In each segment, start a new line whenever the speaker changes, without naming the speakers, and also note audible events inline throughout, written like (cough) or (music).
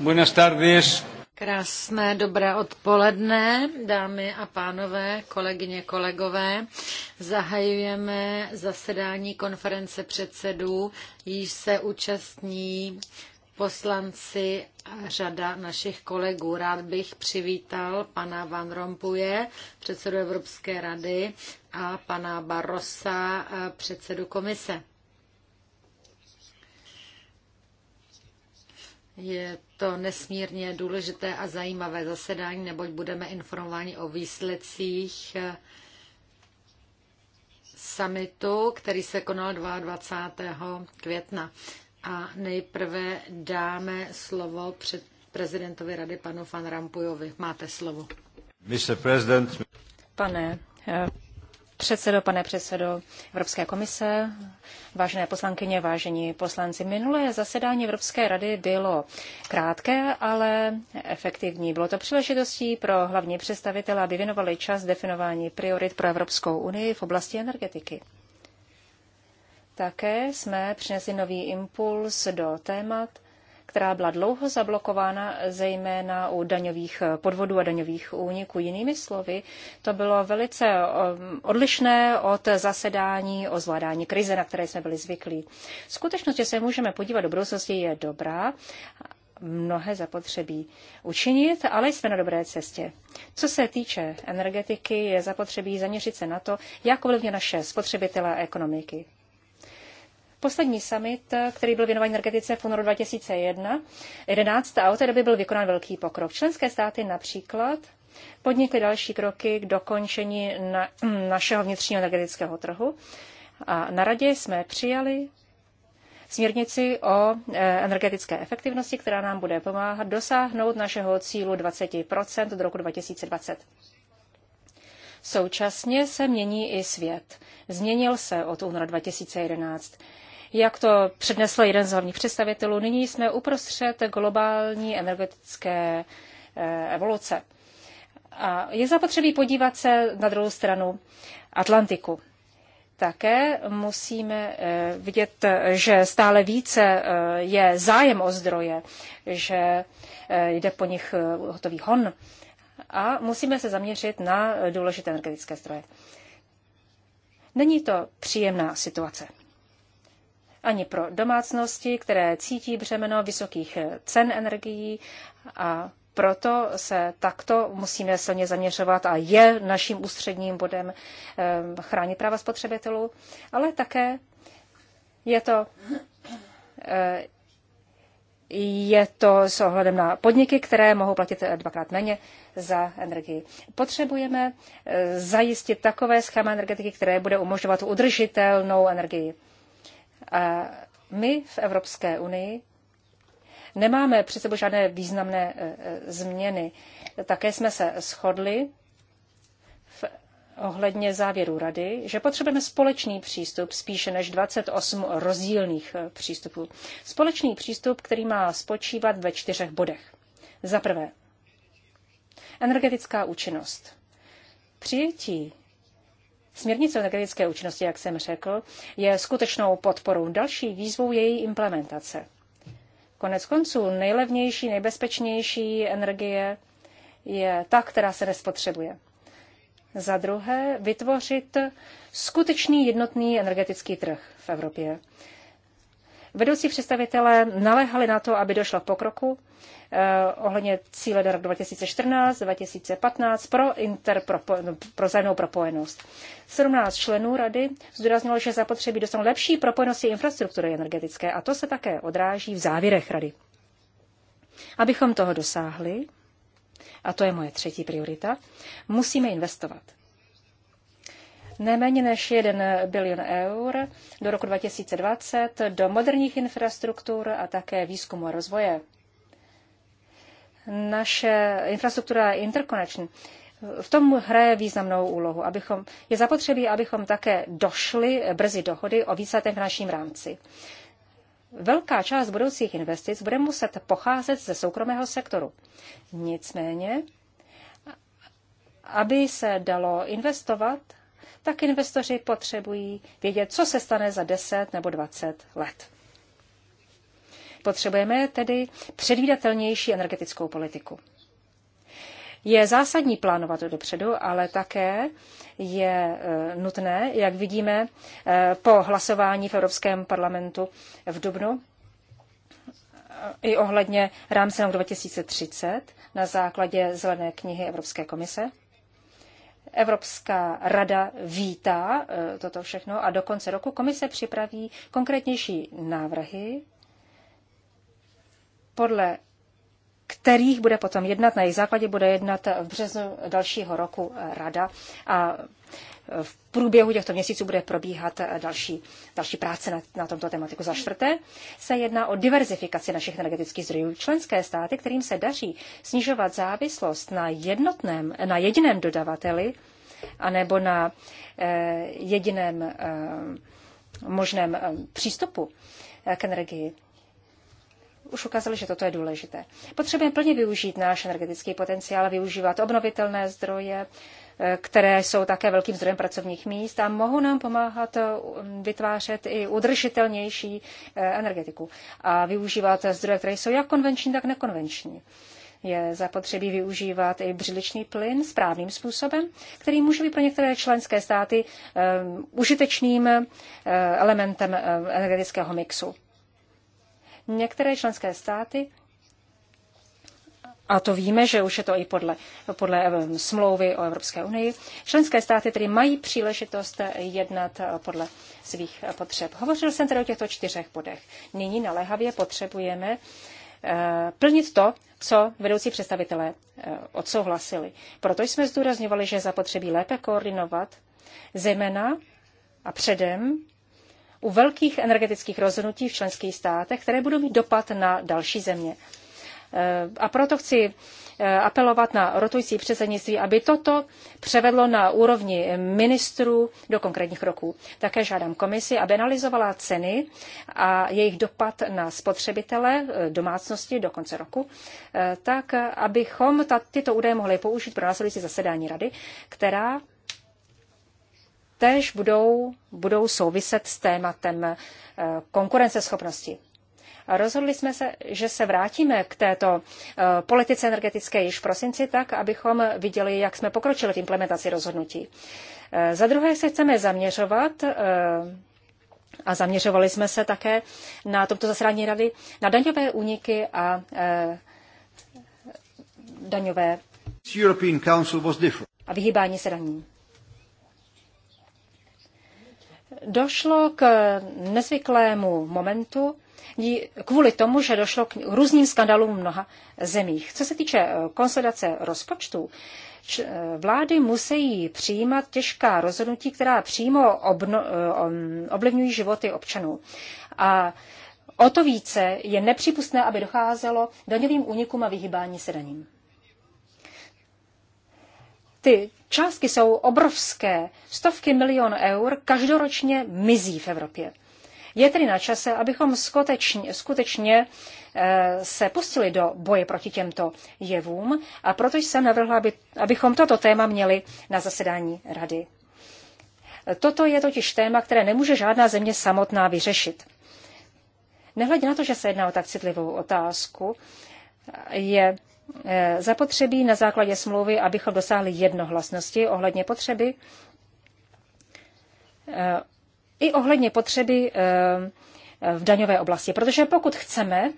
Buenas tardes.
Krásné dobré odpoledne, dámy a pánové, kolegyně, kolegové. Zahajujeme zasedání konference předsedů, již se účastní poslanci a řada našich kolegů. Rád bych přivítal pana Van Rompuje, předsedu Evropské rady, a pana Barrosa, eh, předsedu komise. Je to nesmírně důležité a zajímavé zasedání, neboť budeme informováni o výsledcích eh, summitu, který se konal 22. května. A nejprve dáme slovo před prezidentovi rady panu Van Rampujovi. Máte slovo. Pane
eh, předsedo, pane předsedo Evropské komise, vážené poslankyně, vážení poslanci. Minulé zasedání Evropské rady bylo krátké, ale efektivní. Bylo to příležitostí pro hlavní představitele, aby věnovali čas definování priorit pro Evropskou unii v oblasti energetiky. Také jsme přinesli nový impuls do témat, která byla dlouho zablokována zejména u daňových podvodů a daňových úniků. Jinými slovy, to bylo velice um, odlišné od zasedání o zvládání krize, na které jsme byli zvyklí. Skutečnost, že se můžeme podívat do budoucnosti, je dobrá, mnohé zapotřebí učinit, ale jsme na dobré cestě. Co se týče energetiky, je zapotřebí zaměřit se na to, jak ovlivňuje naše spotřebitele a ekonomiky. Poslední summit, který byl věnován energetice v únoru 2011 a od té doby byl vykonán velký pokrok. Členské státy například podnikly další kroky k dokončení na, (clears throat) našeho vnitřního energetického trhu. A na radě jsme přijali směrnici o e, energetické efektivnosti, která nám bude pomáhat dosáhnout našeho cílu 20 do roku 2020. Současně se mění i svět. Změnil se od února 2011. Jak to přednesl jeden z hlavních představitelů, nyní jsme uprostřed globální energetické eh, evoluce. A je zapotřebí podívat se na druhou stranu Atlantiku. Také musíme eh, vidět, že stále více eh, je zájem o zdroje, že jde po nich hotový hon a musíme se zaměřit na důležité energetické zdroje. Není to příjemná situace ani pro domácnosti, které cítí břemeno vysokých cen energií a proto se takto musíme silně zaměřovat a je naším ústředním bodem eh, chránit práva spotřebitelů, ale také je to eh, je to s ohledem na podniky, které mohou platit eh, dvakrát méně za energii. Potřebujeme zajistit takové schéma energetiky, které bude umožňovat udržitelnou energii. A my v Evropské unii nemáme při sebou žádné významné e, e, změny. Také jsme se shodli v ohledně závěru rady, že potřebujeme společný přístup spíše než 28 rozdílných e, přístupů. Společný přístup, který má spočívat ve čtyřech bodech. Za prvé, energetická účinnost. Přijetí Směrnice o energetické účinnosti, jak jsem řekl, je skutečnou podporou. Další výzvou je její implementace. Konec konců nejlevnější, nejbezpečnější energie je ta, která se nespotřebuje. Za druhé, vytvořit skutečný jednotný energetický trh v Evropě. Vedoucí představitelé naléhali na to, aby došlo k pokroku. Eh, ohledně cíle do roku 2014-2015 pro, interpropo, no, pro zájemnou propojenost. 17 členů rady zdůraznilo, že zapotřebí dostanou lepší propojenosti infrastruktury energetické a to se také odráží v závěrech rady. Abychom toho dosáhli, a to je moje třetí priorita, musíme investovat neméně než 1 bilion eur do roku 2020 do moderních infrastruktur a také výzkumu a rozvoje naše infrastruktura je interconnection. V tom hraje významnou úlohu. Abychom, je zapotřebí, abychom také došli brzy dohody o výsledném naším rámci. Velká část budoucích investic bude muset pocházet ze soukromého sektoru. Nicméně, aby se dalo investovat, tak investoři potřebují vědět, co se stane za 10 nebo 20 let. Potřebujeme tedy předvídatelnější energetickou politiku. Je zásadní plánovat dopředu, ale také je e, nutné, jak vidíme e, po hlasování v Evropském parlamentu v Dubnu, e, i ohledně rámce 2030 na základě zelené knihy Evropské komise. Evropská rada vítá toto všechno a do konce roku komise připraví konkrétnější návrhy podle kterých bude potom jednat, na jejich základě bude jednat v březnu dalšího roku rada a v průběhu těchto měsíců bude probíhat další, další práce na, na tomto tematiku. Za čtvrté se jedná o diverzifikaci našich energetických zdrojů. Členské státy, kterým se daří snižovat závislost na jednotném, na jediném dodavateli, anebo na eh, jediném eh, možném eh, přístupu eh, k energii, už ukázali, že toto je důležité. Potřebujeme plně využít náš energetický potenciál, využívat obnovitelné zdroje, eh, které jsou také velkým zdrojem pracovních míst a mohou nám pomáhat eh, vytvářet i udržitelnější eh, energetiku a využívat zdroje, které jsou jak konvenční, tak nekonvenční. Je zapotřebí využívat i břiličný plyn správným způsobem, který může být pro některé členské státy um, užitečným um, elementem um, energetického mixu. Některé členské státy, a to víme, že už je to i podle, podle eh, smlouvy o Evropské unii, členské státy tedy mají příležitost jednat eh, podle svých eh, potřeb. Hovořil jsem tedy o těchto čtyřech bodech. Nyní naléhavě potřebujeme plnit to, co vedoucí představitelé odsouhlasili. Proto jsme zdůrazňovali, že zapotřebí lépe koordinovat, zejména a předem u velkých energetických rozhodnutí v členských státech, které budou mít dopad na další země. Eh, a proto chci eh, apelovat na rotující předsednictví, aby toto převedlo na úrovni ministrů do konkrétních kroků. Také žádám komisi, aby analyzovala ceny a jejich dopad na spotřebitele eh, domácnosti do konce roku, tak abychom tyto údaje mohli použít pro následující zasedání rady, která tež budou, budou souviset s tématem eh, konkurenceschopnosti. A rozhodli jsme se, že se vrátíme k této eh, politice energetické již v prosinci tak, abychom viděli, jak jsme pokročili v implementaci rozhodnutí. Eh, za druhé se chceme zaměřovat a zaměřovali jsme se také na tomto zasrání rady na daňové úniky a daňové a vyhýbání se daním došlo k nezvyklému momentu kvůli tomu, že došlo k různým skandalům v mnoha zemích. Co se týče eh, konsolidace rozpočtu, eh, vlády musí přijímat těžká rozhodnutí, která přímo obno, eh, oblivňují životy občanů. A o to více je nepřípustné, aby docházelo daňovým únikům a vyhýbání se daním. Ty Částky jsou obrovské. Stovky milion eur každoročně mizí v Evropě. Je tedy na čase, abychom skutečně, skutečně eh, se pustili do boje proti těmto jevům a proto jsem navrhla, aby, abychom toto téma měli na zasedání rady. Toto je totiž téma, které nemůže žádná země samotná vyřešit. Nehledě na to, že se jedná o tak citlivou otázku, je Eh, zapotřebí na základě smlouvy, abychom dosáhli jednohlasnosti ohledně potřeby eh, i ohledně potřeby eh, v daňové oblasti. Protože pokud chceme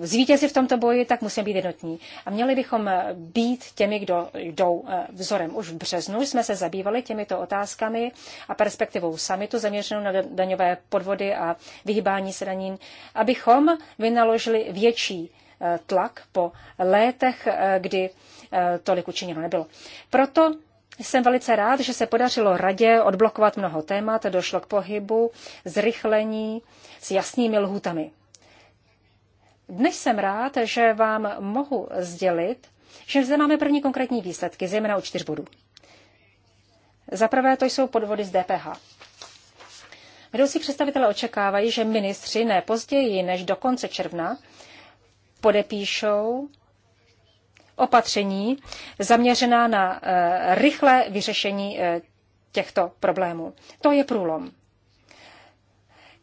zvítězit v tomto boji, tak musíme být jednotní. A měli bychom být těmi, kdo jdou vzorem. Už v březnu jsme se zabývali těmito otázkami a perspektivou samitu zaměřenou na daňové podvody a vyhybání se daním, abychom vynaložili větší tlak po létech, eh, kdy eh, tolik učiněno nebylo. Proto jsem velice rád, že se podařilo radě odblokovat mnoho témat, došlo k pohybu, zrychlení s jasnými lhutami. Dnes jsem rád, že vám mohu sdělit, že zde máme první konkrétní výsledky, zejména u čtyř bodů. Za prvé to jsou podvody z DPH. Vedoucí představitelé očekávají, že ministři ne později než do konce června podepíšou opatření zaměřená na eh, rychlé vyřešení eh, těchto problémů. To je průlom.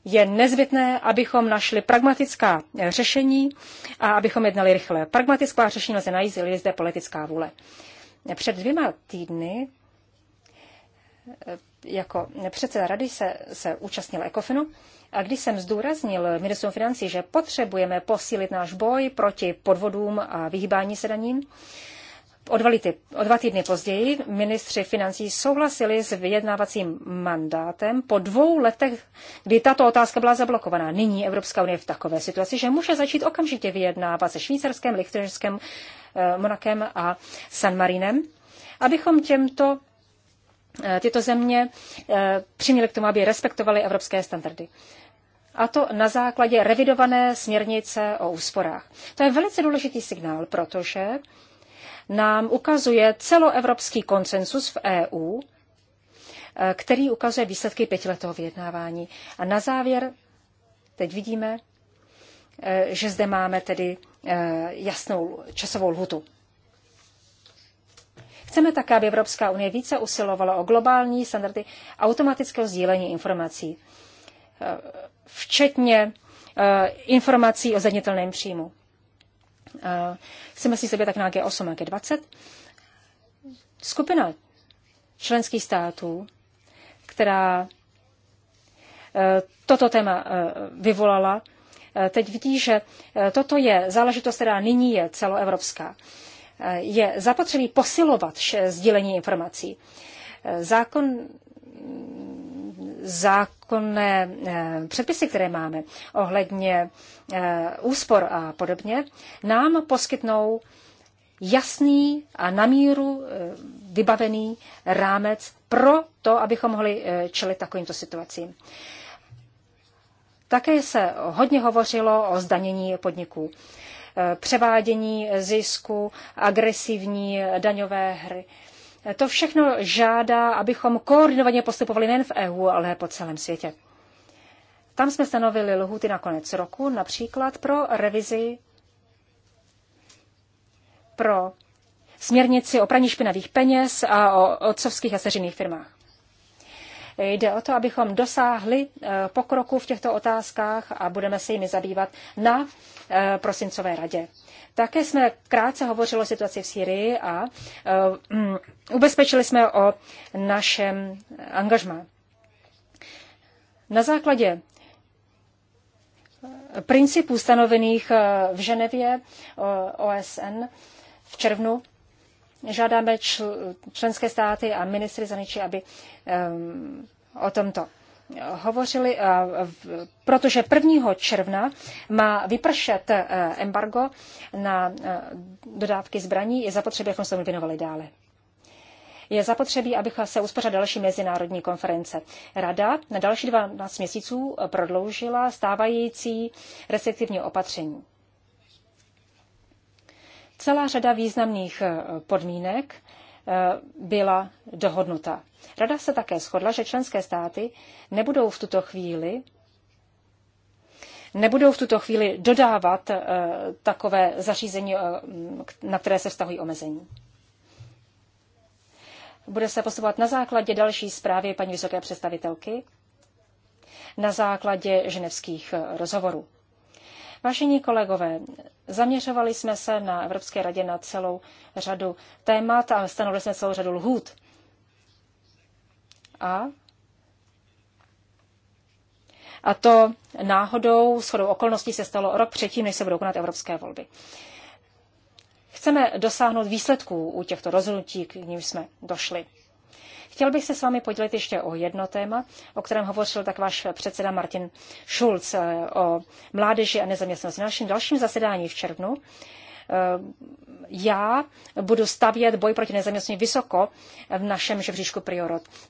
Je nezbytné, abychom našli pragmatická řešení a abychom jednali rychle. Pragmatická řešení lze najít, je zde politická vůle. Před dvěma týdny eh, jako předseda rady se, se účastnil ECOFINu a když jsem zdůraznil ministrům financí, že potřebujeme posílit náš boj proti podvodům a vyhýbání se daním, O dva, týdny, o dva týdny později ministři financí souhlasili s vyjednávacím mandátem po dvou letech, kdy tato otázka byla zablokovaná. Nyní Evropská unie je v takové situaci, že může začít okamžitě vyjednávat se Švýcarskem, Lichtenštejnskem, eh, Monakem a San Marinem, abychom těmto eh, tyto země eh, přiměly k tomu, aby respektovali evropské standardy a to na základě revidované směrnice o úsporách. To je velice důležitý signál, protože nám ukazuje celoevropský konsensus v EU, eh, který ukazuje výsledky pětiletého vyjednávání. A na závěr teď vidíme, eh, že zde máme tedy eh, jasnou časovou lhutu. Chceme také, aby Evropská unie více usilovala o globální standardy automatického sdílení informací včetně eh, informací o zranitelném příjmu. Jsme eh, si sebe tak na G8 a G20. Skupina členských států, která eh, toto téma vyvolala, teď vidí, že toto je záležitost, která nyní je celoevropská. Je zapotřebí posilovat sdílení informací. Zákon zákonné eh, předpisy, které máme ohledně eh, úspor a podobně, nám poskytnou jasný a na míru eh, vybavený rámec pro to, abychom mohli čelit takovýmto situacím. Také se hodně hovořilo o zdanění podniků. Převádění zisku, agresivní daňové hry. To všechno žádá, abychom koordinovaně postupovali nejen v EU, ale po celém světě. Tam jsme stanovili lhuty na konec roku, například pro revizi pro směrnici o praní špinavých peněz a o otcovských a seřinných firmách. Jde o to, abychom dosáhli eh, pokroku v těchto otázkách a budeme se jimi zabývat na eh, prosincové radě. Také jsme krátce hovořili o situaci v Syrii a eh, mm, ubezpečili jsme o našem angažmá. Na základě principů stanovených v Ženevě OSN v červnu žádáme čl- členské státy a ministry zahraničí, aby um, o tomto hovořili, protože 1. června má vypršet eh, embargo na eh, dodávky zbraní, je zapotřebí, abychom se věnovali dále. Je zapotřebí, abych se uspořádala další mezinárodní konference. Rada na další 12 měsíců eh, prodloužila stávající restriktivní opatření. Celá řada významných eh, podmínek eh, byla dohodnuta. Rada se také shodla, že členské státy nebudou v tuto chvíli nebudou v tuto chvíli dodávat eh, takové zařízení, na které se vztahují omezení. Bude se postupovat na základě další zprávy paní vysoké představitelky, na základě ženevských rozhovorů. Vážení kolegové, Zaměřovali jsme se na Evropské radě na celou řadu témat a stanovili jsme celou řadu lhůt. A a to náhodou, shodou okolností se stalo rok předtím, než se budou konat evropské volby. Chceme dosáhnout výsledků u těchto rozhodnutí, k nímž jsme došli. Chtěl bych se s vámi podělit ještě o jedno téma, o kterém hovořil tak váš předseda Martin Schulz eh, o mládeži a nezaměstnanosti. Na našem dalším zasedání v červnu eh, já budu stavět boj proti nezaměstnanosti vysoko v našem žebříčku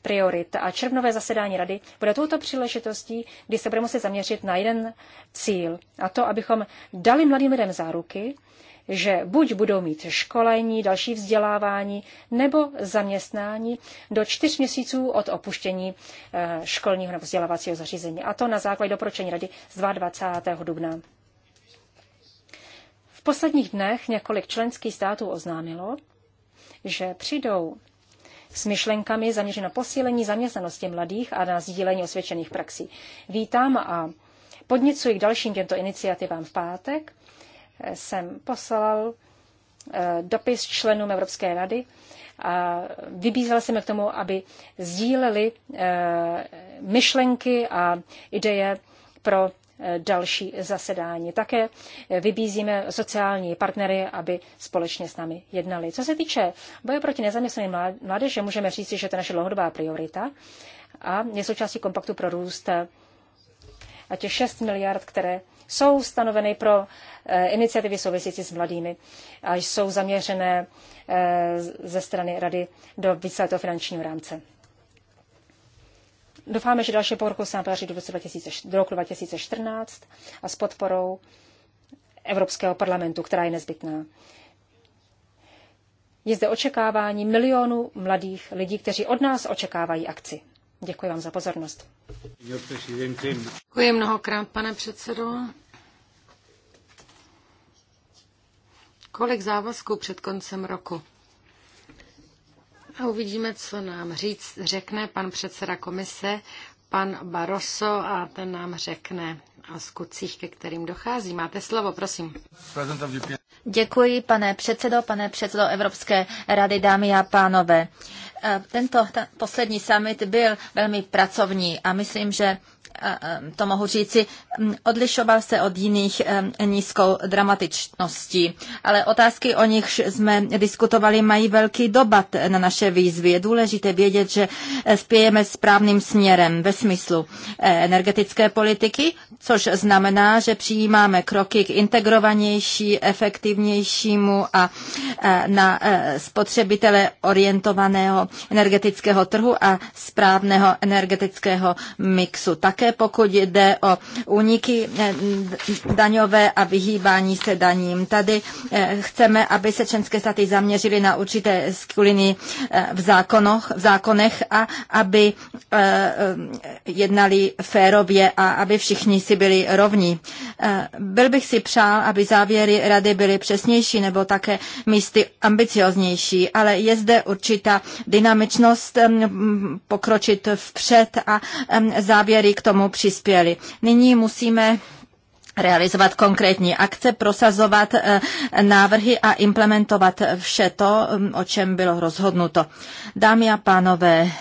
priorit. A červnové zasedání rady bude touto příležitostí, kdy se budeme muset zaměřit na jeden cíl, a to, abychom dali mladým lidem záruky, že buď budou mít školení, další vzdělávání nebo zaměstnání do čtyř měsíců od opuštění eh, školního nebo vzdělávacího zařízení. A to na základě doporučení rady z 22. dubna. V posledních dnech několik členských států oznámilo, že přijdou s myšlenkami zaměřeno posílení zaměstnanosti mladých a na sdílení osvědčených praxí. Vítám a podnicuji k dalším těmto iniciativám v pátek jsem poslal eh, dopis členům Evropské rady a vybízel jsem je k tomu, aby sdíleli eh, myšlenky a ideje pro eh, další zasedání. Také vybízíme sociální partnery, aby společně s námi jednali. Co se týče boje proti nezaměstnaným mládeže, můžeme říct, že to je naše dlouhodobá priorita a je součástí kompaktu pro růst a těch 6 miliard, které jsou stanoveny pro eh, iniciativy související s mladými a jsou zaměřené eh, ze strany Rady do víceletého finančního rámce. Doufáme, že další povrchu se nám podaří do roku 2014 a s podporou Evropského parlamentu, která je nezbytná. Je zde očekávání milionů mladých lidí, kteří od nás očekávají akci. Děkuji vám za
pozornost. Děkuji mnohokrát, pane předsedo. Kolik závazků před koncem roku? A uvidíme, co nám říct, řekne pan předseda komise pan Barroso a ten nám řekne o skutcích, ke kterým dochází. Máte slovo, prosím. Děkuji, pane
předsedo, pane
předsedo Evropské
rady, dámy a pánové. E, tento ta, poslední summit byl velmi pracovní a myslím, že Eh, to mohu říci, mm, odlišoval se od jiných eh, nízkou dramatičností. Ale otázky, o nich jsme diskutovali, mají velký dobat na naše výzvy. Je důležité vědět, že eh, spějeme správným směrem ve smyslu energetické politiky, což znamená, že přijímáme kroky k integrovanější, efektivnějšímu a na spotřebitele orientovaného energetického trhu a správného energetického mixu. Také také pokud jde o úniky eh, daňové a vyhýbání se daním. Tady eh, chceme, aby se členské státy zaměřily na určité skuliny eh, v, zákonoch, v zákonech a aby jednali férově a aby všichni si byli rovní. Byl bych si přál, aby závěry rady byly přesnější nebo také místy ambicioznější, ale je zde určitá dynamičnost pokročit vpřed a závěry k tomu tomu přispěli. Nyní musíme realizovat konkrétní akce, prosazovat eh, návrhy a implementovat vše to, mm, o čem bylo rozhodnuto. Dámy a pánové,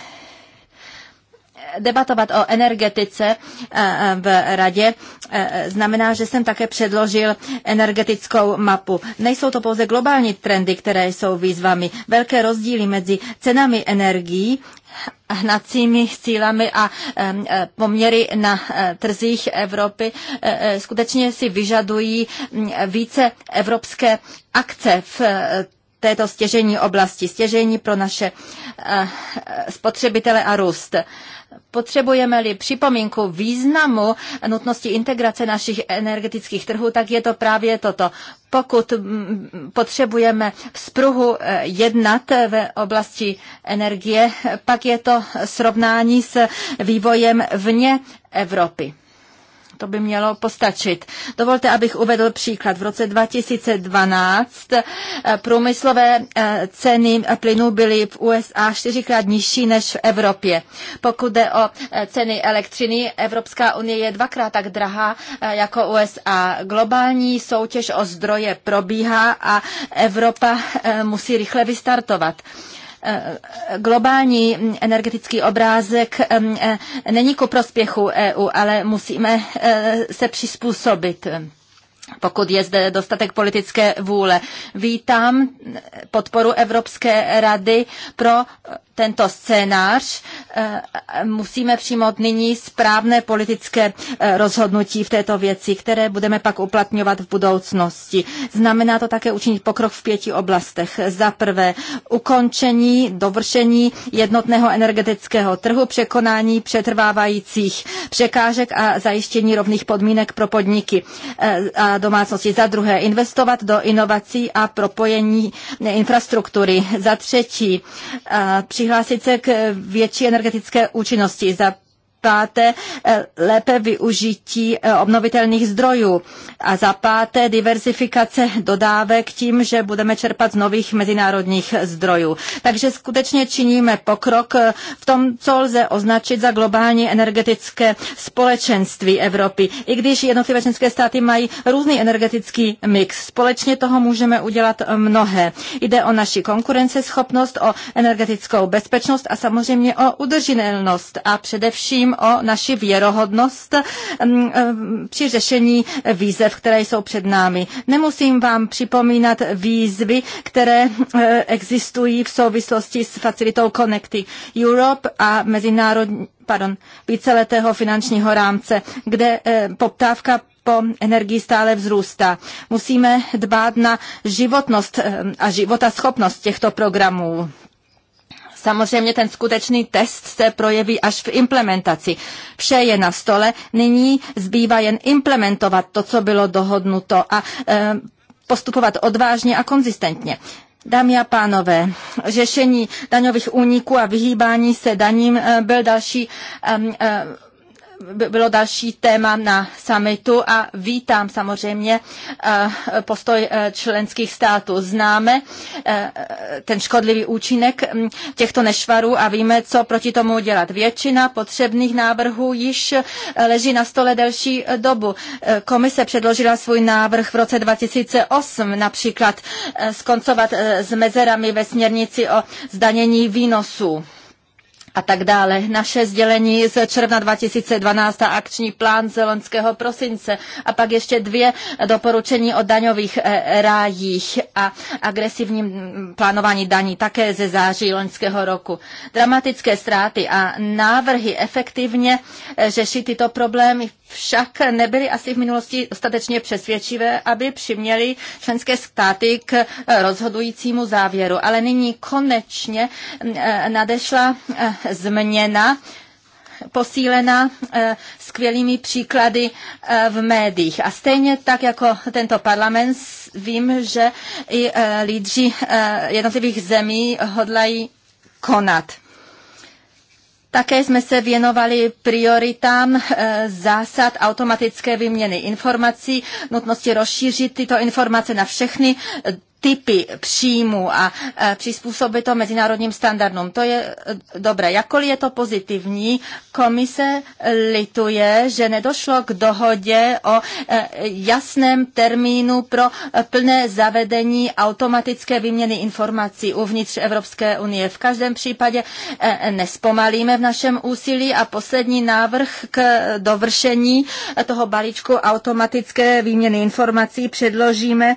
debatovat o energetice eh, eh, v radě eh, znamená, že jsem také předložil energetickou mapu. Nejsou to pouze globální trendy, které jsou výzvami. Velké rozdíly mezi cenami energií hnacími sílami a poměry na trzích Evropy skutečně si vyžadují mm, více evropské akce v této stěžení oblasti, stěžení pro naše eh, spotřebitele a růst. Potřebujeme-li připomínku významu nutnosti integrace našich energetických trhů, tak je to právě toto. Pokud mm, potřebujeme v spruhu eh, jednat ve oblasti energie, pak je to srovnání s vývojem vně Evropy. To by mělo postačit. Dovolte, abych uvedl příklad. V roce 2012 eh, průmyslové eh, ceny plynu byly v USA čtyřikrát nižší než v Evropě. Pokud jde o eh, ceny elektřiny, Evropská unie je dvakrát tak drahá jako USA. Globální soutěž o zdroje probíhá a Evropa musí rychle vystartovat. Eh, globální energetický obrázek eh, není ku prospěchu EU, ale musíme eh, se přizpůsobit pokud je zde dostatek politické vůle. Vítám podporu Evropské rady pro tento scénář, eh, musíme přijmout nyní správné politické eh, rozhodnutí v této věci, které budeme pak uplatňovat v budoucnosti. Znamená to také učinit pokrok v pěti oblastech. Za prvé ukončení, dovršení jednotného energetického trhu, překonání přetrvávajících překážek a zajištění rovných podmínek pro podniky eh, a domácnosti. Za druhé investovat do inovací a propojení infrastruktury. Za třetí při přihlásit se k větší energetické účinnosti. Za páté eh, lépe využití eh, obnovitelných zdrojů a za páté diverzifikace dodávek tím, že budeme čerpat z nových mezinárodních zdrojů. Takže skutečně činíme pokrok eh, v tom, co lze označit za globální energetické společenství Evropy. I když jednotlivé členské státy mají různý energetický mix, společně toho můžeme udělat mnohé. Jde o naši konkurenceschopnost, o energetickou bezpečnost a samozřejmě o udržitelnost a především o naši věrohodnost mm, mm, při řešení výzev, které jsou před námi. Nemusím vám připomínat výzvy, které mm, existují v souvislosti s facilitou Connecting Europe a mezinárodní pardon, víceletého finančního rámce, kde eh, poptávka po energii stále vzrůstá. Musíme dbát na životnost eh, a životaschopnost těchto programů. Samozřejmě ten skutečný test se projeví až v implementaci. Vše je na stole, nyní zbývá jen implementovat to, co bylo dohodnuto a e, postupovat odvážně a konzistentně. Dámy a pánové, řešení daňových úniků a vyhýbání se daním e, byl další e, bylo další téma na summitu a vítám samozřejmě eh, postoj eh, členských států. Známe eh, ten škodlivý účinek mm, těchto nešvarů a víme, co proti tomu dělat. Většina potřebných návrhů již leží na stole delší dobu. Komise předložila svůj návrh v roce 2008, například skoncovat s mezerami ve směrnici o zdanění výnosů a tak dále. Naše sdělení z června 2012 a akční plán z loňského prosince a pak ještě dvě doporučení o daňových eh, rájích a agresivním mm, plánování daní také ze září loňského roku. Dramatické ztráty a návrhy efektivně eh, řešit tyto problémy v však nebyly asi v minulosti dostatečně přesvědčivé, aby přiměly členské státy k eh, rozhodujícímu závěru. Ale nyní konečně eh, nadešla eh, změna posílena skvělými příklady v médiích. A stejně tak jako tento parlament vím, že i lídři jednotlivých zemí hodlají konat. Také jsme se věnovali prioritám eh, zásad automatické výměny informací, nutnosti rozšířit tyto informace na všechny eh, typy příjmů a e, přizpůsobit to mezinárodním standardům. To je e, dobré. Jakkoliv je to pozitivní, komise lituje, že nedošlo k dohodě o e, jasném termínu pro plné zavedení automatické výměny informací uvnitř Evropské unie. V každém případě nespomalíme v našem úsilí a poslední návrh k dovršení toho balíčku automatické výměny informací předložíme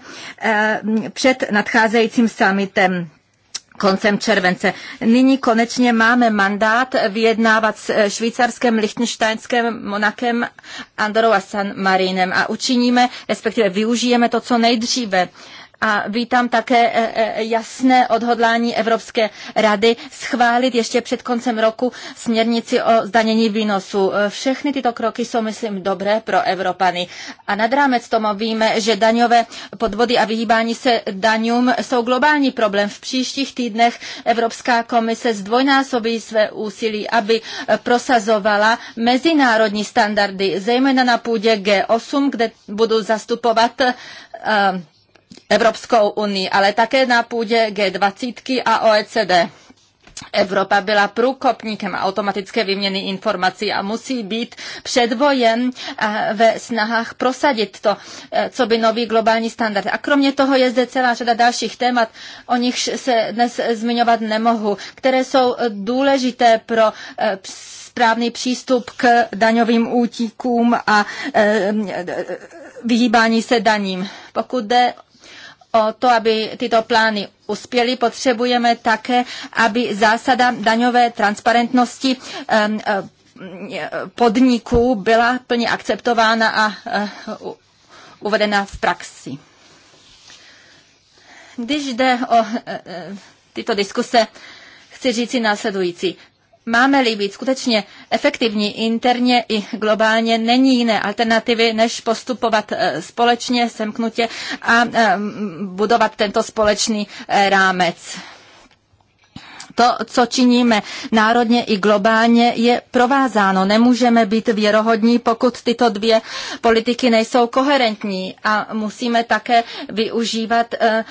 před před nadcházejícím summitem koncem července. Nyní konečně máme mandát vyjednávat s eh, švýcarském, lichtenštejnském, Monakem, Andorou a San Marinem a učiníme, respektive využijeme to, co nejdříve a vítám také e, e, jasné odhodlání Evropské rady schválit ještě před koncem roku směrnici o zdanění výnosu. E, všechny tyto kroky jsou, myslím, dobré pro Evropany. A nad rámec tomu víme, že daňové podvody a vyhýbání se daňům jsou globální problém. V příštích týdnech Evropská komise zdvojnásobí své úsilí, aby prosazovala mezinárodní standardy, zejména na půdě G8, kde budu zastupovat uh, Evropskou unii, ale také na půdě G20 a OECD. Evropa byla průkopníkem automatické výměny informací a musí být předvojem eh, ve snahách prosadit to, eh, co by nový globální standard. A kromě toho je zde celá řada dalších témat, o nichž se dnes zmiňovat nemohu, které jsou důležité pro eh, správný přístup k daňovým útíkům a vyhýbání se daním. Pokud jde o to, aby tyto plány uspěly, potřebujeme také, aby zásada daňové transparentnosti e, podniků byla plně akceptována a e, uvedena v praxi. Když jde o e, tyto diskuse, chci říci následující. Máme-li být skutečně efektivní interně i globálně, není jiné alternativy, než postupovat eh, společně, semknutě a eh, budovat tento společný eh, rámec. To, co činíme národně i globálně, je provázáno. Nemůžeme být věrohodní, pokud tyto dvě politiky nejsou koherentní a musíme také využívat eh,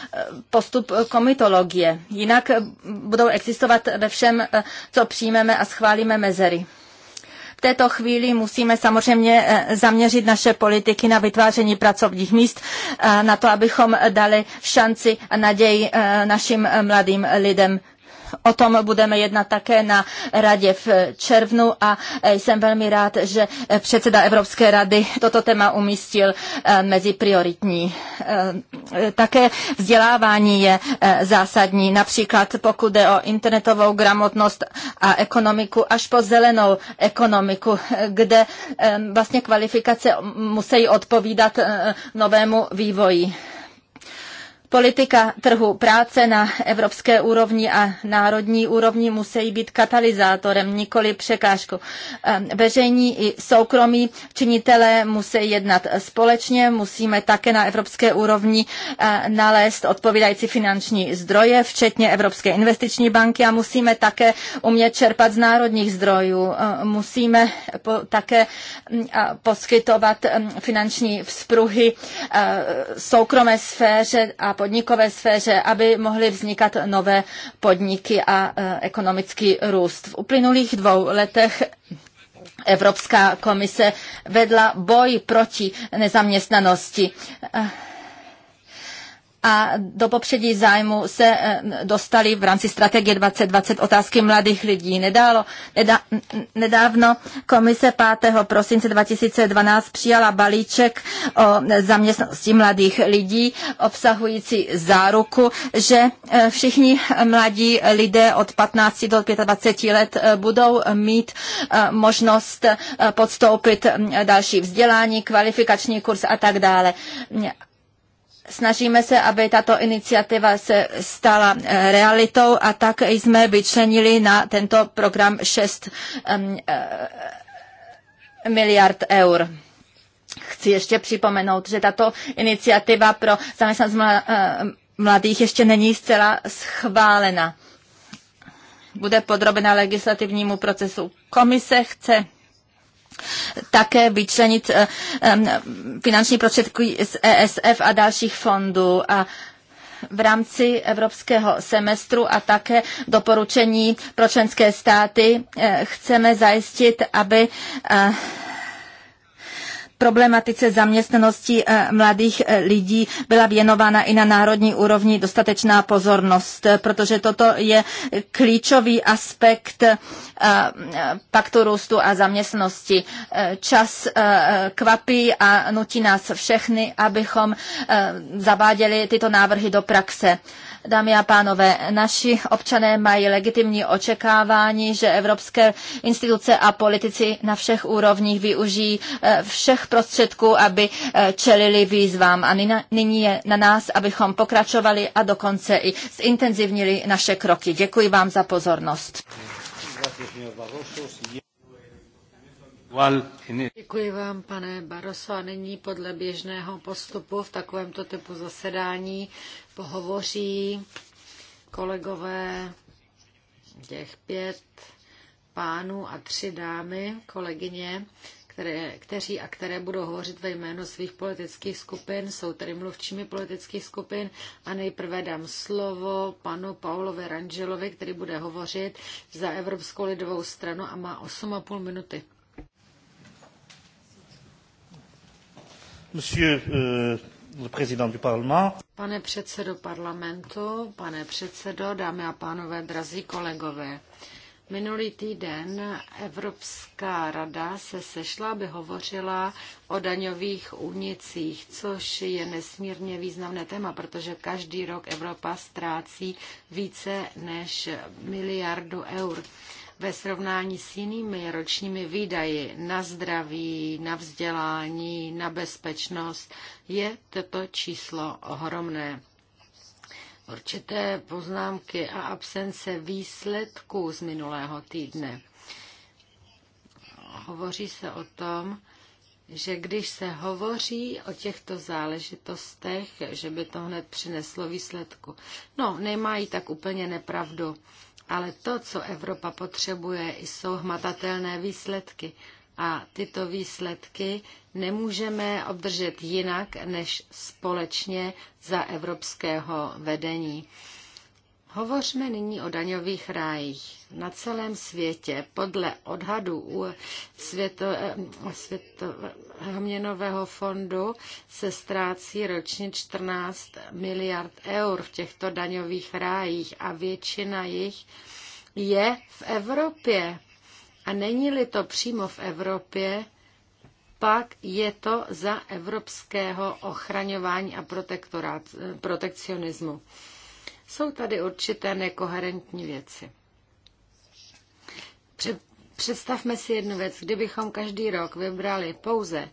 postup komitologie. Jinak budou existovat ve všem, eh, co přijmeme a schválíme mezery. V této chvíli musíme samozřejmě eh, zaměřit naše politiky na vytváření pracovních míst, na to, abychom dali šanci a naději našim mladým lidem O tom budeme jednat také na radě v červnu a e, jsem velmi rád, že předseda Evropské rady toto téma umístil e, mezi prioritní. E, také vzdělávání je zásadní, například pokud jde o internetovou gramotnost a ekonomiku až po zelenou ekonomiku, kde vlastně kvalifikace musí odpovídat novému vývoji. Politika trhu práce na evropské úrovni a národní úrovni musí být katalyzátorem, nikoli překážkou. Ehm, veřejní i soukromí činitelé musí jednat společně, musíme také na evropské úrovni eh, nalézt odpovídající finanční zdroje, včetně Evropské investiční banky a musíme také umět čerpat z národních zdrojů. Ehm, musíme také hm, poskytovat hm, finanční vzpruhy eh, soukromé sféře a podnikové sféře, aby mohly vznikat nové podniky a e, ekonomický růst. V uplynulých dvou letech Evropská komise vedla boj proti nezaměstnanosti a do popředí zájmu se eh, dostaly v rámci strategie 2020 otázky mladých lidí. Nedálo, nedá, nedávno komise 5. prosince 2012 přijala balíček o zaměstnosti mladých lidí, obsahující záruku, že eh, všichni mladí lidé od 15 do 25 let eh, budou mít možnost podstoupit mm, další vzdělání, kvalifikační kurz a tak dále. Snažíme se, aby tato iniciativa se stala eh, realitou a tak jsme vyčlenili na tento program 6 eh, miliard eur. Chci ještě připomenout, že tato iniciativa pro zaměstnanost eh, mladých ještě není zcela schválena. Bude podrobena legislativnímu procesu. Komise chce také vyčlenit eh, finanční prostředky z ESF a dalších fondů. A v rámci evropského semestru a také doporučení pro členské státy eh, chceme zajistit, aby eh, problematice zaměstnanosti eh, mladých eh, lidí byla věnována i na národní úrovni dostatečná pozornost, eh, protože toto je klíčový aspekt paktu růstu a zaměstnanosti. Čas kvapí a nutí nás všechny, abychom zaváděli tyto návrhy do praxe. Dámy a pánové, naši občané mají legitimní očekávání, že evropské instituce a politici na všech úrovních využijí eh, všech prostředků, aby eh, čelili výzvám. A nyní je na nás, abychom pokračovali a dokonce i zintenzivnili naše kroky. Děkuji vám za pozornost.
Děkuji vám, pane Baroso. A nyní podle běžného postupu v takovémto typu zasedání Pohovoří kolegové, těch pět pánů a tři dámy, kolegyně, které, kteří a které budou hovořit ve jméno svých politických skupin, jsou tedy mluvčími politických skupin a nejprve dám slovo panu Paulovi Rangelovi, který bude hovořit za Evropskou lidovou stranu a má 8,5 minuty.
Monsieur, euh...
Pane předsedo parlamentu, pane předsedo, dámy a pánové, drazí kolegové. Minulý týden Evropská rada se sešla, aby hovořila o daňových únicích, což je nesmírně významné téma, protože každý rok Evropa ztrácí více než miliardu eur ve srovnání s jinými ročními výdaji na zdraví, na vzdělání, na bezpečnost, je toto číslo ohromné. Určité poznámky a absence výsledků z minulého týdne. Hovoří se o tom, že když se hovoří o těchto záležitostech, že by to hned přineslo výsledku. No, nemají tak úplně nepravdu. Ale to, co Evropa potřebuje, jsou hmatatelné výsledky. A tyto výsledky nemůžeme obdržet jinak než společně za evropského vedení. Hovořme nyní o daňových rájích. Na celém světě podle odhadu u světo, Světového měnového fondu se ztrácí ročně 14 miliard eur v těchto daňových rájích a většina jich je v Evropě. A není-li to přímo v Evropě, pak je to za evropského ochraňování a protekcionismu. Jsou tady určité nekoherentní věci. Představme si jednu věc. Kdybychom každý rok vybrali pouze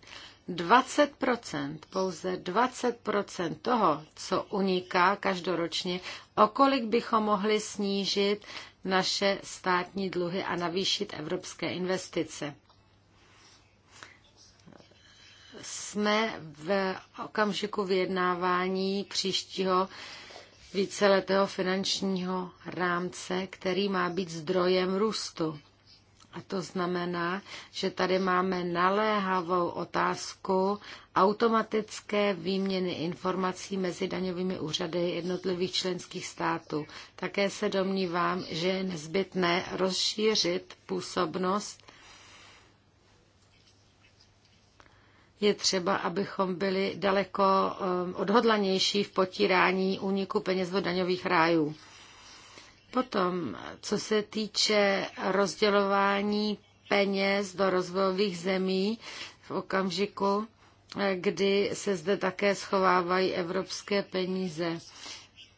20%, pouze 20% toho, co uniká každoročně, o kolik bychom mohli snížit naše státní dluhy a navýšit evropské investice. Jsme v okamžiku vyjednávání příštího víceletého finančního rámce, který má být zdrojem růstu. A to znamená, že tady máme naléhavou otázku automatické výměny informací mezi daňovými úřady jednotlivých členských států. Také se domnívám, že je nezbytné rozšířit působnost je třeba, abychom byli daleko um, odhodlanější v potírání úniku peněz do daňových rájů. Potom, co se týče rozdělování peněz do rozvojových zemí v okamžiku, kdy se zde také schovávají evropské peníze.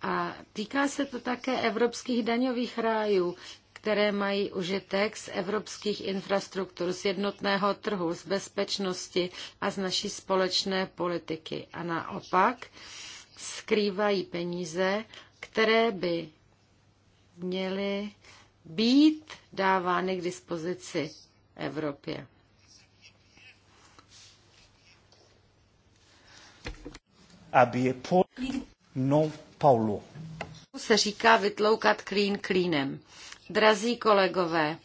A týká se to také evropských daňových rájů které mají užitek z evropských infrastruktur, z jednotného trhu, z bezpečnosti a z naší společné politiky. A naopak skrývají peníze, které by měly být dávány k dispozici Evropě.
Aby je po... No Paulo.
Se říká vytloukat klín clean klínem. Drazí kolegové,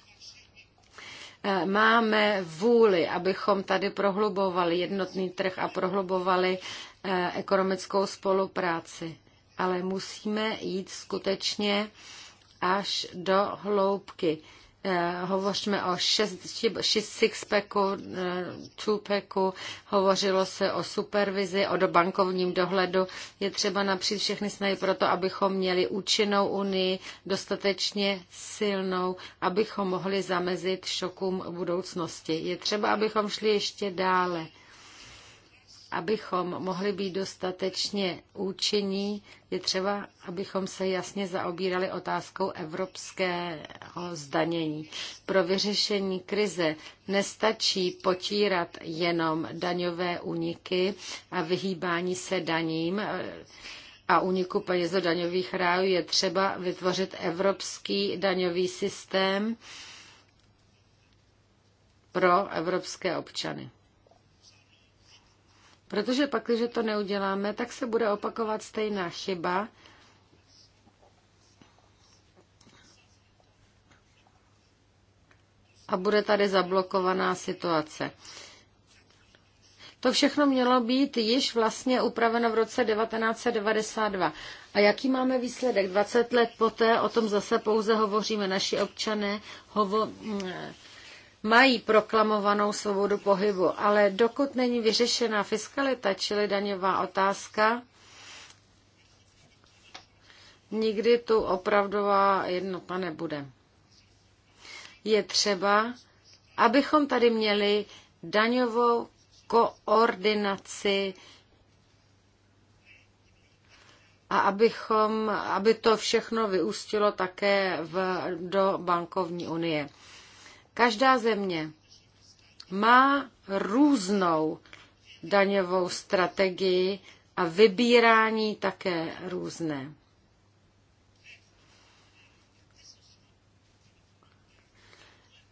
eh, máme vůli, abychom tady prohlubovali jednotný trh a prohlubovali eh, ekonomickou spolupráci. Ale musíme jít skutečně až do hloubky. Eh, hovoříme o sixpacku, eh, twopacku, hovořilo se o supervizi, o dobankovním dohledu. Je třeba napřít všechny snahy pro to, abychom měli účinnou unii, dostatečně silnou, abychom mohli zamezit šokům budoucnosti. Je třeba, abychom šli ještě dále abychom mohli být dostatečně účinní, je třeba, abychom se jasně zaobírali otázkou evropského zdanění. Pro vyřešení krize nestačí potírat jenom daňové úniky a vyhýbání se daním a úniku peněz do daňových rájů. Je třeba vytvořit evropský daňový systém pro evropské občany. Protože pak, když to neuděláme, tak se bude opakovat stejná chyba. A bude tady zablokovaná situace. To všechno mělo být již vlastně upraveno v roce 1992. A jaký máme výsledek? 20 let poté o tom zase pouze hovoříme. Naši občané hovo, mají proklamovanou svobodu pohybu, ale dokud není vyřešena fiskalita, čili daňová otázka, nikdy tu opravdová jednota nebude. Je třeba, abychom tady měli daňovou koordinaci a abychom, aby to všechno vyústilo také v, do bankovní unie. Každá země má různou daňovou strategii a vybírání také různé.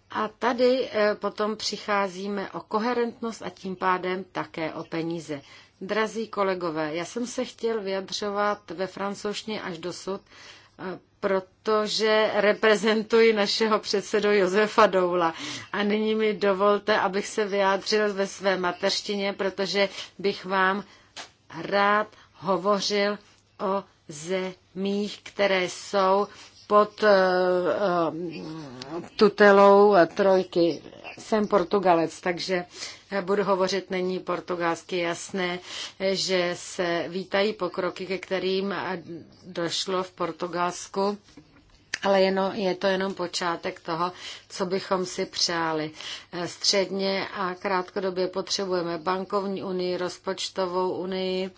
A tady eh, potom přicházíme o koherentnost a tím pádem také o peníze. Drazí kolegové, já jsem se chtěl vyjadřovat ve francouzštině až dosud, protože reprezentuji našeho předsedu Josefa Doula. A nyní mi dovolte, abych se vyjádřil ve své mateřštině, protože bych vám rád hovořil o zemích, které jsou pod eh, eh, tutelou trojky jsem Portugalec, takže budu hovořit není portugalsky jasné, že se vítají pokroky, ke kterým došlo v Portugalsku. Ale jenom, je to jenom počátek toho, co bychom si přáli. Středně a krátkodobě potřebujeme bankovní unii, rozpočtovou unii.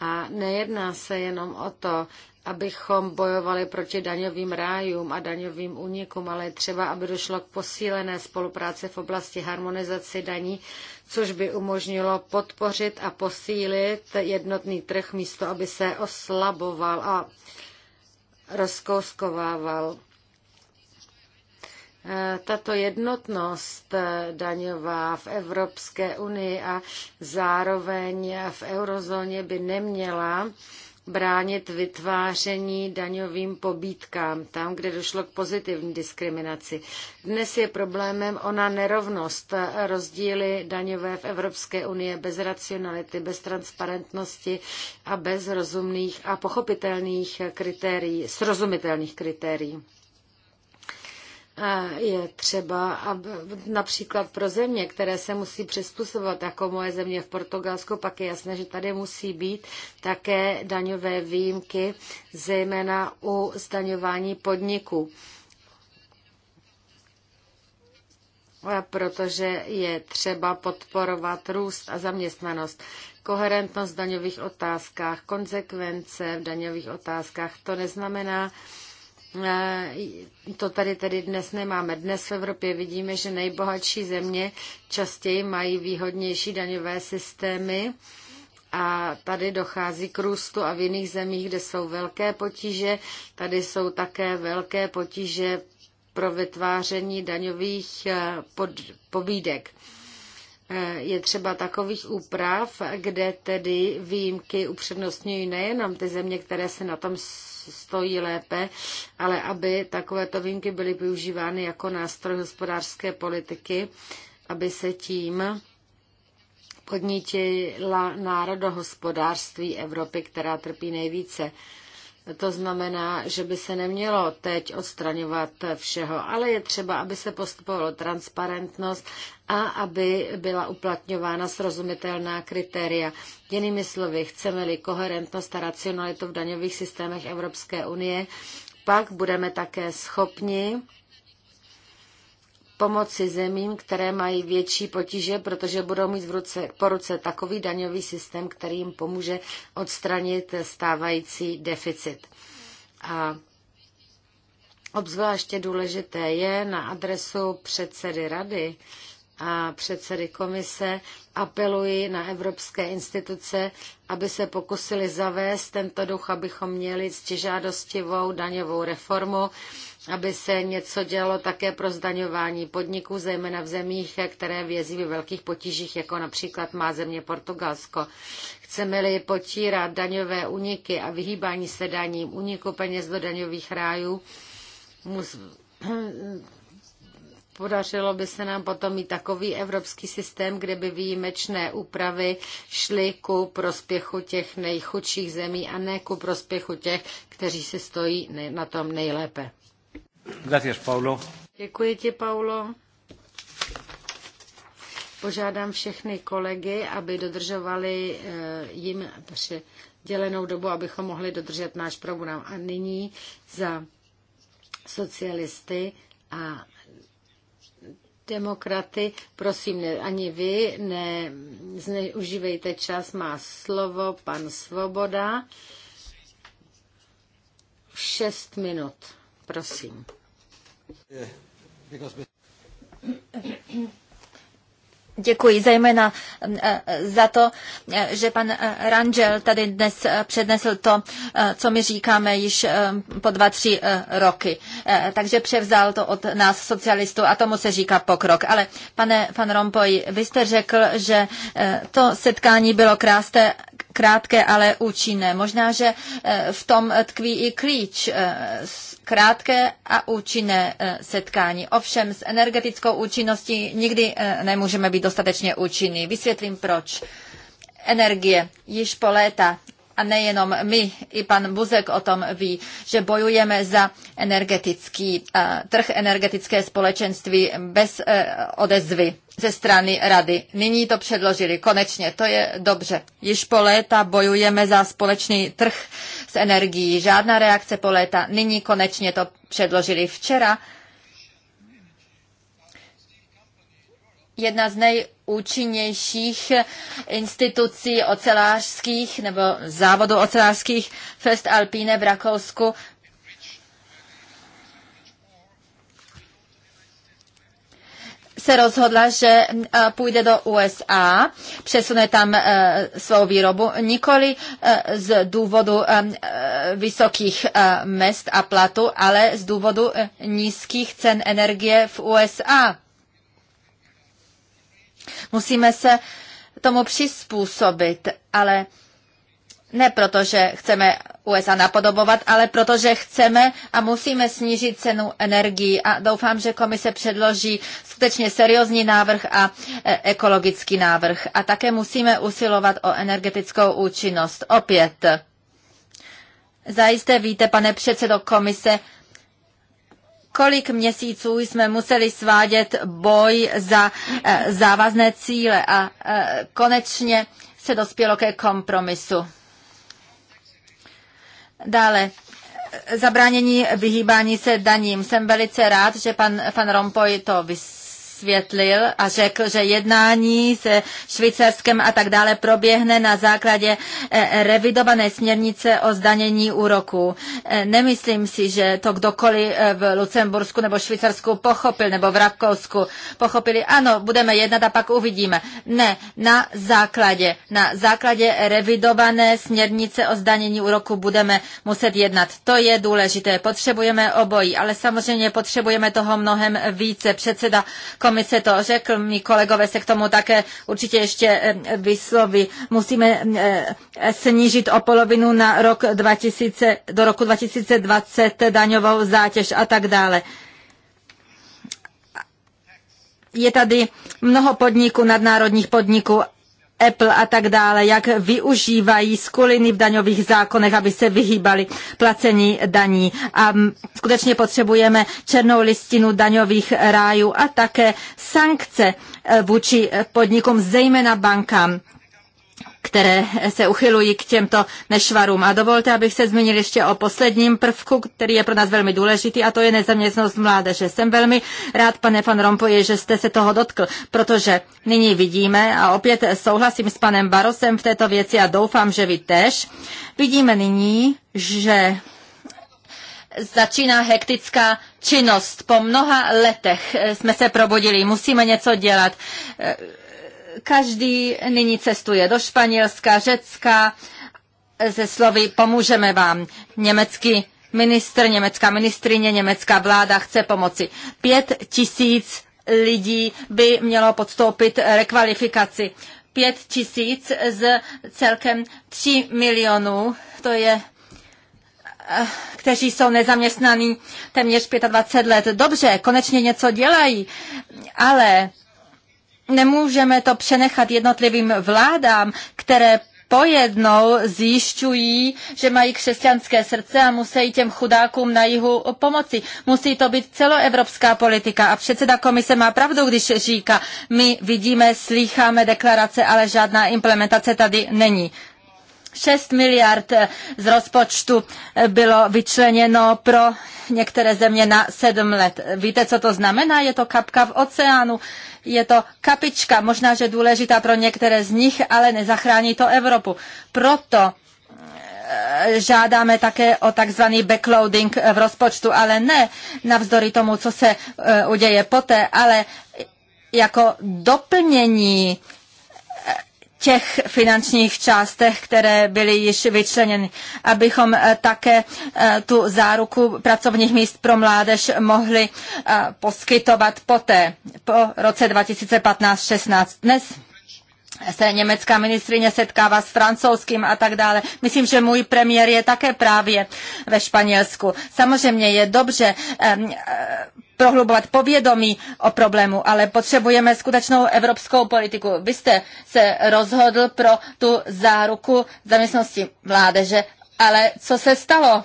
A nejedná se jenom o to, abychom bojovali proti daňovým rájům a daňovým únikům, ale třeba, aby došlo k posílené spolupráce v oblasti harmonizace daní, což by umožnilo podpořit a posílit jednotný trh místo, aby se oslaboval a rozkouskovával. E, tato jednotnost daňová v Evropské unii a zároveň v eurozóně by neměla bránit vytváření daňovým pobítkám, tam, kde došlo k pozitivní diskriminaci. Dnes je problémem ona nerovnost, rozdíly daňové v Evropské unii bez racionality, bez transparentnosti a bez rozumných a pochopitelných kritérií, srozumitelných kritérií je třeba a například pro země, které se musí přizpůsobovat, jako moje země v Portugalsku, pak je jasné, že tady musí být také daňové výjimky, zejména u zdaňování podniků. protože je třeba podporovat růst a zaměstnanost. Koherentnost v daňových otázkách, konsekvence v daňových otázkách, to neznamená, Eh, to tady tedy dnes nemáme. Dnes v Evropě vidíme, že nejbohatší země častěji mají výhodnější daňové systémy a tady dochází k růstu a v jiných zemích, kde jsou velké potíže, tady jsou také velké potíže pro vytváření daňových eh, pod, pobídek. Eh, je třeba takových úprav, kde tedy výjimky upřednostňují nejenom ty země, které se na tom stojí lépe, ale aby takovéto výjimky byly využívány jako nástroj hospodářské politiky, aby se tím podnítila národohospodářství Evropy, která trpí nejvíce. To znamená, že by se nemělo teď odstraňovat všeho, ale je třeba, aby se postupovalo transparentnost a aby byla uplatňována srozumitelná kritéria. Jinými slovy, chceme-li koherentnost a racionalitu v daňových systémech Evropské unie, pak budeme také schopni pomoci zemím, které mají větší potíže, protože budou mít v ruce, po ruce takový daňový systém, který jim pomůže odstranit stávající deficit. A obzvláště důležité je na adresu předsedy rady, a předsedy komise apeluji na evropské instituce, aby se pokusili zavést tento duch, abychom měli ctižádostivou daňovou reformu, aby se něco dělo také pro zdaňování podniků, zejména v zemích, které vězí ve velkých potížích, jako například má země Portugalsko. Chceme-li potírat daňové úniky a vyhýbání se daním, úniku peněz do daňových rájů, podařilo by se nám potom mít takový evropský systém, kde by výjimečné úpravy šly ku prospěchu těch nejchudších zemí a ne ku prospěchu těch, kteří se stojí na tom nejlépe.
Gracias, Paulo.
Děkuji ti, Paulo. Požádám všechny kolegy, aby dodržovali eh, jim dělenou dobu, abychom mohli dodržet náš program. A nyní za socialisty a demokraty, prosím, ne, ani vy zneužívejte čas, má slovo pan Svoboda. Šest minut, prosím. Eh,
Děkuji zejména eh, eh, za to, eh, že pan Rangel tady dnes přednesl to, co my říkáme již po dva, tři roky. Takže převzal to od nás socialistů a tomu se říká pokrok. Ale pane Van Rompuy, vy jste řekl, že to setkání bylo krásné, krátké, ale účinné. Možná, že v tom tkví i klíč. Krátké a účinné setkání. Ovšem s energetickou účinností nikdy nemůžeme být dostatečně účinný. Vysvětlím proč. Energie již po léta a nejenom my, i pan Buzek o tom ví, že bojujeme za energetický eh, trh, energetické společenství bez eh, odezvy ze strany rady. Nyní to předložili, konečně, to je dobře. Již po léta bojujeme za společný trh s energií. Žádná reakce po léta, nyní konečně to předložili včera jedna z nejúčinnějších institucí ocelářských nebo závodu ocelářských Fest Alpine v Rakousku. se rozhodla, že e, půjde do USA, přesune tam e, svou výrobu, nikoli e, z důvodu vysokých mest a platu, ale z důvodu nízkých cen energie v USA Musíme se tomu přizpůsobit, ale ne proto, že chceme USA napodobovat, ale protože chceme a musíme snížit cenu energii a doufám, že komise předloží skutečně seriózní návrh a e, ekologický návrh. A také musíme usilovat o energetickou účinnost. Opět. Zajisté víte, pane předsedo komise, kolik měsíců jsme museli svádět boj za eh, závazné cíle a eh, konečně se dospělo ke kompromisu. Dále, eh, zabránění vyhýbání se daním. Jsem velice rád, že pan, pan Rompoy to vysvětlil vysvětlil a řekl, že jednání se Švýcarskem a tak dále proběhne na základě eh, revidované směrnice o zdanění úroku. Eh, nemyslím si, že to kdokoliv eh, v Lucembursku nebo Švýcarsku pochopil, nebo v Rakousku pochopili, ano, budeme jednat a pak uvidíme. Ne, na základě, na základě revidované směrnice o zdanění úroku budeme muset jednat. To je důležité. Potřebujeme obojí, ale samozřejmě potřebujeme toho mnohem více. Předseda komise komise to řekl, mi kolegové se k tomu také určitě ještě eh, vysloví. Musíme eh, snížit o polovinu na rok 2000, do roku 2020 daňovou zátěž a tak dále je tady mnoho podniků, nadnárodních podniků Apple a tak dále, jak využívají skuliny v daňových zákonech, aby se vyhýbali placení daní. A skutečně potřebujeme černou listinu daňových rájů a také sankce eh, vůči eh, podnikům, zejména bankám které se uchylují k těmto nešvarům. A dovolte, abych se zmínil ještě o posledním prvku, který je pro nás velmi důležitý, a to je nezaměstnost mládeže. Jsem velmi rád, pane Van Rompuy, že jste se toho dotkl, protože nyní vidíme, a opět souhlasím s panem Barosem v této věci a doufám, že vy tež, vidíme nyní, že začíná hektická činnost. Po mnoha letech jsme se probudili, musíme něco dělat Každý nyní cestuje do Španělska, Řecka, ze slovy pomůžeme vám. Německý ministr, německá ministrině, německá vláda chce pomoci. Pět tisíc lidí by mělo podstoupit rekvalifikaci. Pět tisíc z celkem tři milionů, to je eh, kteří jsou nezaměstnaní téměř 25 let. Dobře, konečně něco dělají, ale nemůžeme to přenechat jednotlivým vládám, které pojednou zjišťují, že mají křesťanské srdce a musí těm chudákům na jihu pomoci. Musí to být celoevropská politika a předseda komise má pravdu, když říká, my vidíme, slýcháme deklarace, ale žádná implementace tady není. 6 miliard eh, z rozpočtu eh, bylo vyčleněno pro některé země na 7 let. Víte, co to znamená? Je to kapka v oceánu. Je to kapička, možná, že důležitá pro některé z nich, ale nezachrání to Evropu. Proto eh, žádáme také o takzvaný backloading v rozpočtu, ale ne navzdory tomu, co se eh, uděje poté, ale jako doplnění těch finančních částech, které byly již vyčleněny, abychom eh, také eh, tu záruku pracovních míst pro mládež mohli eh, poskytovat poté, po roce 2015-16. Dnes se německá ministrině setkává s francouzským a tak dále. Myslím, že můj premiér je také právě ve Španělsku. Samozřejmě je dobře um, prohlubovat povědomí o problému, ale potřebujeme skutečnou evropskou politiku. Vy jste se rozhodl pro tu záruku zaměstnosti mládeže, ale co se stalo?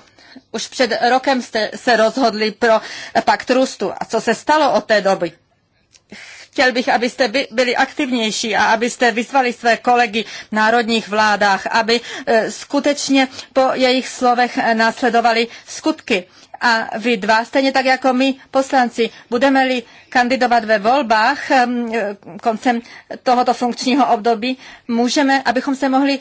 Už před rokem jste se rozhodli pro pakt růstu. A co se stalo od té doby? Chtěl bych, abyste by, byli aktivnější a abyste vyzvali své kolegy v národních vládách, aby e, skutečně po jejich slovech e, následovali skutky. A vy dva, stejně tak jako my poslanci, budeme-li kandidovat ve volbách e, koncem tohoto funkčního období, můžeme, abychom se mohli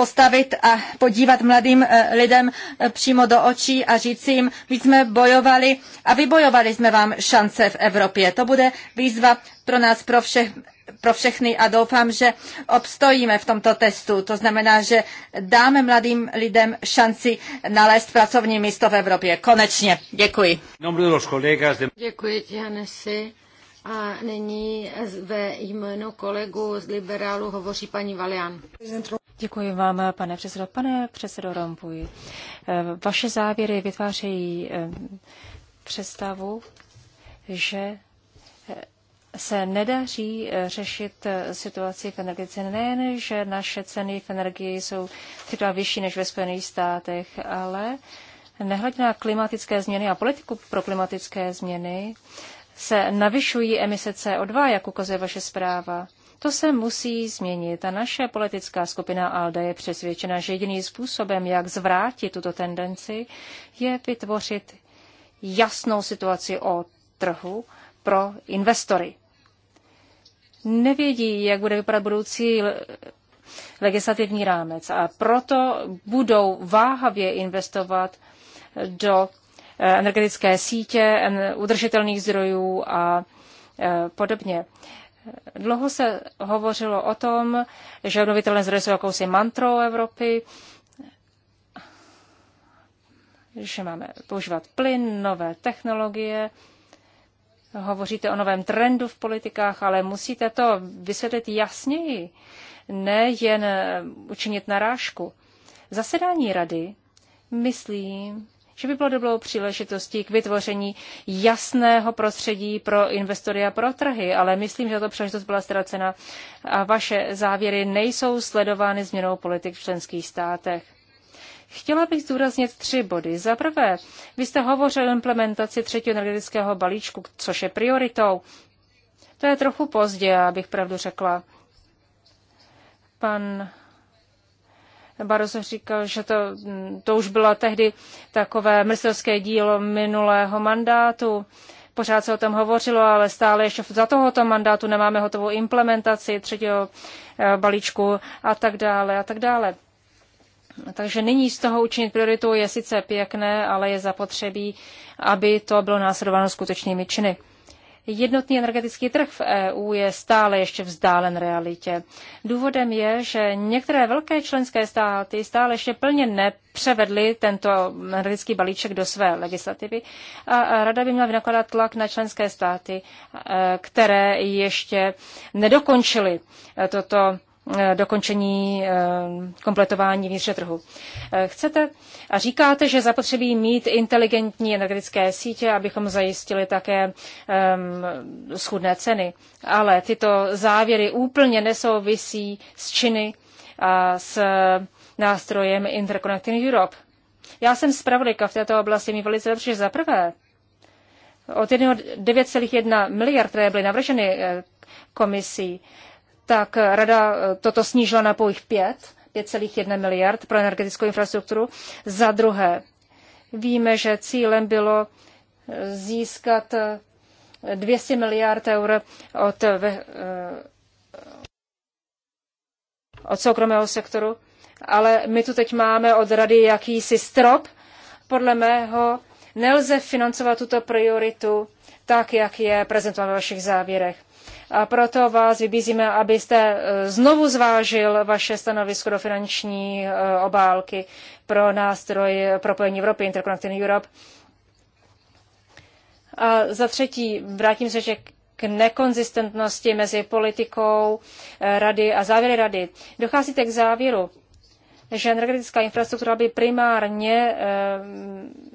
postavit a podívat mladým eh, lidem eh, přímo do očí a říct jim, my jsme bojovali a vybojovali jsme vám šance v Evropě. To bude výzva pro nás, pro, vše, pro všechny a doufám, že obstojíme v tomto testu. To znamená, že dáme mladým lidem šanci nalézt pracovní místo v Evropě. Konečně. Děkuji.
Děkuji, Hanesi. A nyní ve jménu kolegu z liberálu hovoří paní Valian. Děkuji vám, pane předsedo. Pane
předsedo Rompuj, eh, vaše závěry vytvářejí eh, představu, že eh, se nedaří řešit situaci v energetice. Nejen, že naše ceny v energii jsou třeba vyšší než ve Spojených státech, ale nehledě na klimatické změny a politiku pro klimatické změny, se navyšují emise CO2, jak ukazuje vaše zpráva. To se musí změnit a naše politická skupina ALDE je přesvědčena, že jediný způsobem, jak zvrátit tuto tendenci, je vytvořit jasnou situaci o trhu pro investory. Nevědí, jak bude vypadat budoucí legislativní rámec a proto budou váhavě investovat do eh, energetické sítě, udržitelných zdrojů a eh, podobně. Dlouho se hovořilo o tom, že obnovitelné zdroje jsou jakousi mantrou Evropy, že máme používat plyn, nové technologie, hovoříte o novém trendu v politikách, ale musíte to vysvětlit jasněji, ne jen učinit narážku. Zasedání rady, myslím, že by bylo dobrou příležitostí k vytvoření jasného prostředí pro investory a pro trhy, ale myslím, že to příležitost byla ztracena a vaše závěry nejsou sledovány změnou politik v členských státech. Chtěla bych zdůraznit tři body. Za prvé, vy jste hovořil o implementaci třetího energetického balíčku, což je prioritou. To je trochu pozdě, abych pravdu řekla. Pan Barroso říkal, že to, to už bylo tehdy takové mrselské dílo minulého mandátu. Pořád se o tom hovořilo, ale stále ještě za tohoto mandátu nemáme hotovou implementaci třetího eh, balíčku a tak dále a tak dále. Takže nyní z toho učinit prioritu je sice pěkné, ale je zapotřebí, aby to bylo následováno skutečnými činy. Jednotný energetický trh v EU je stále ještě vzdálen realitě. Důvodem je, že některé velké členské státy stále ještě plně nepřevedly tento energetický balíček do své legislativy a Rada by měla vynakladat tlak na členské státy, e, které ještě nedokončily e, toto Eh, dokončení eh, kompletování vnitřního trhu. Eh, chcete a říkáte, že zapotřebí mít inteligentní energetické sítě, abychom zajistili také um, ehm, schudné ceny. Ale tyto závěry úplně nesouvisí s činy a s nástrojem Interconnecting Europe. Já jsem zpravodajka v této oblasti, mi velice dobře, že za prvé od 9,1 miliard, které byly navrženy komisí, tak eh, rada eh, toto snížila na pouhých 5, 5,1 miliard pro energetickou infrastrukturu. Za druhé, víme, že cílem bylo eh, získat 200 miliard eur od, od soukromého sektoru, ale my tu teď máme od rady jakýsi strop. Podle mého nelze financovat tuto prioritu tak, jak je prezentována ve vašich závěrech. A proto vás vybízíme, abyste e, znovu zvážil vaše stanovisko do finanční e, obálky pro nástroj propojení Evropy, Interconnecting Europe. A za třetí, vrátím se ještě k nekonzistentnosti mezi politikou e, rady a závěry rady. Docházíte k závěru, že energetická infrastruktura by primárně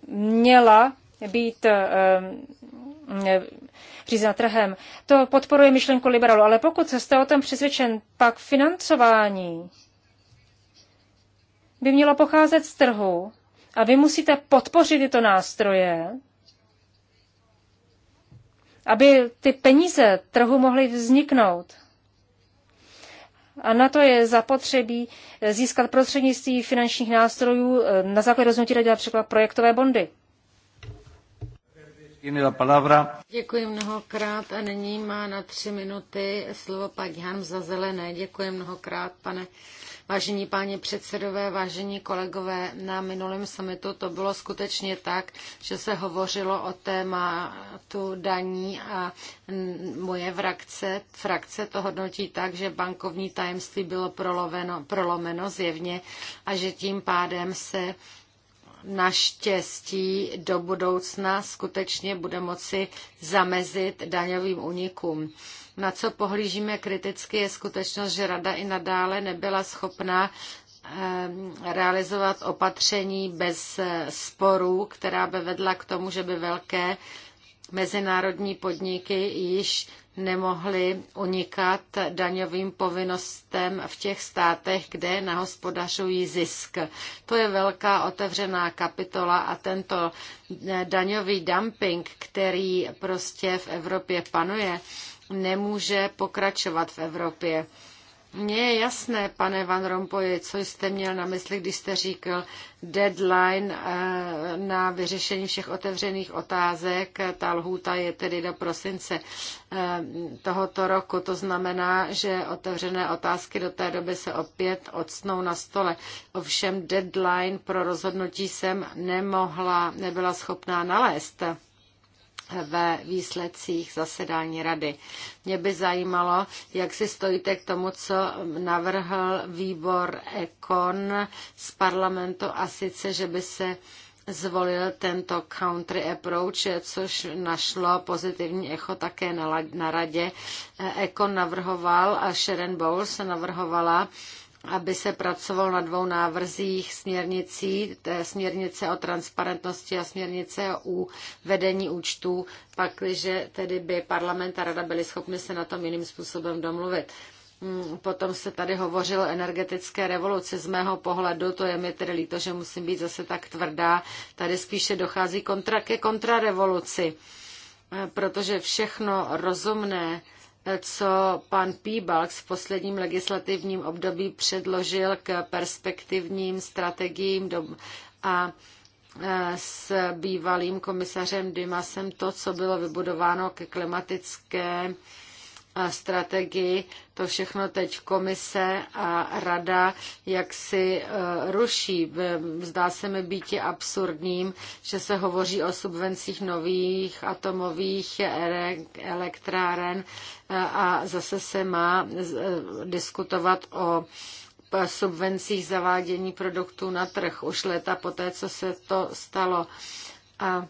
měla být řízena trhem. To podporuje myšlenku liberalu, ale pokud jste o tom přesvědčen, pak financování by mělo pocházet z trhu a vy musíte podpořit tyto nástroje, aby ty peníze trhu mohly vzniknout. A na to je zapotřebí získat prostřednictví finančních nástrojů eh, na základě rozhodnutí rady například projektové bondy.
Děkuji mnohokrát a nyní má na tři minuty slovo paní Harm za zelené. Děkuji mnohokrát, pane Vážení páni předsedové, vážení kolegové, na minulém summitu to bylo skutečně tak, že se hovořilo o tématu daní a moje frakce, frakce to hodnotí tak, že bankovní tajemství bylo proloveno, prolomeno zjevně a že tím pádem se naštěstí do budoucna skutečně bude moci zamezit daňovým únikům. Na co pohlížíme kriticky je skutečnost, že Rada i nadále nebyla schopna eh, realizovat opatření bez eh, sporů, která by vedla k tomu, že by velké mezinárodní podniky již nemohli unikat daňovým povinnostem v těch státech, kde nahospodařují zisk. To je velká otevřená kapitola a tento eh, daňový dumping, který prostě v Evropě panuje, nemůže pokračovat v Evropě. Mně je jasné, pane Van Rompuy, co jste měl na mysli, když jste říkal deadline eh, na vyřešení všech otevřených otázek. Ta lhůta je tedy do prosince eh, tohoto roku. To znamená, že otevřené otázky do té doby se opět odsnou na stole. Ovšem deadline pro rozhodnutí jsem nemohla, nebyla schopná nalézt ve výsledcích zasedání rady. Mě by zajímalo, jak si stojíte k tomu, co navrhl výbor Econ z parlamentu a sice, že by se zvolil tento country approach, což našlo pozitivní echo také na, na radě. Econ navrhoval a Sharon Bowles navrhovala, aby se pracovalo na dvou návrzích směrnicí, směrnice o transparentnosti a směrnice o vedení účtů, pakliže tedy by parlament a rada byly schopny se na tom jiným způsobem domluvit. Mm, potom se tady hovořilo o energetické revoluci. Z mého pohledu, to je mi tedy líto, že musím být zase tak tvrdá, tady spíše dochází kontra, ke kontrarevoluci, eh, protože všechno rozumné, co pan Píbalks v posledním legislativním období předložil k perspektivním strategiím a e, s bývalým komisařem Dimasem to, co bylo vybudováno ke klimatické strategii, to všechno teď komise a rada jak si e, ruší. Zdá se mi být absurdním, že se hovoří o subvencích nových atomových elektráren e, a zase se má e, diskutovat o subvencích zavádění produktů na trh už léta poté, co se to stalo. A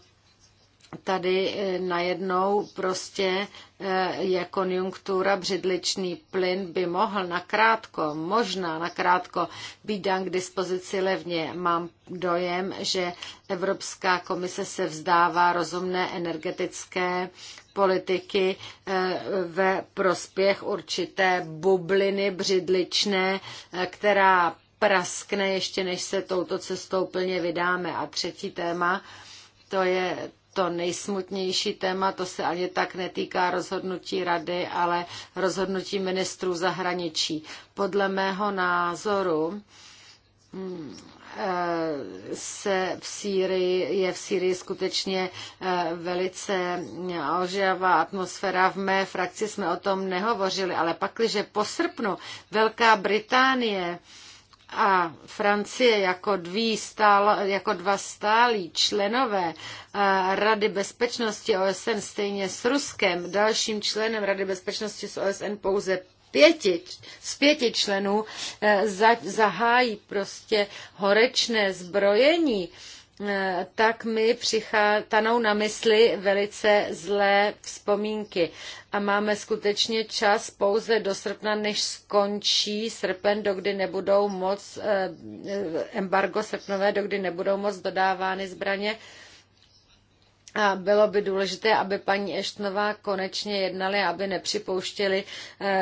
tady eh, najednou prostě eh, je konjunktura, břidličný plyn by mohl nakrátko, možná nakrátko být dán k dispozici levně. Mám dojem, že Evropská komise se vzdává rozumné energetické politiky eh, ve prospěch určité bubliny břidličné, která praskne ještě, než se touto cestou plně vydáme. A třetí téma, to je to nejsmutnější téma, to se ani tak netýká rozhodnutí rady, ale rozhodnutí ministrů zahraničí. Podle mého názoru hmm, eh, se v Sýrii, je v Sýrii skutečně eh, velice ožavá eh, atmosféra. V mé frakci jsme o tom nehovořili, ale pakliže po srpnu Velká Británie a Francie jako, dví stál, jako dva stálí členové eh, Rady bezpečnosti OSN stejně s Ruskem, dalším členem Rady bezpečnosti s OSN pouze pěti, z pěti členů eh, zahájí prostě horečné zbrojení Eh, tak mi přichátanou na mysli velice zlé vzpomínky. A máme skutečně čas pouze do srpna, než skončí srpen, dokdy nebudou moc, eh, eh, embargo srpnové, dokdy nebudou moc dodávány zbraně. A bylo by důležité, aby paní Eštnová konečně jednali, aby nepřipouštěli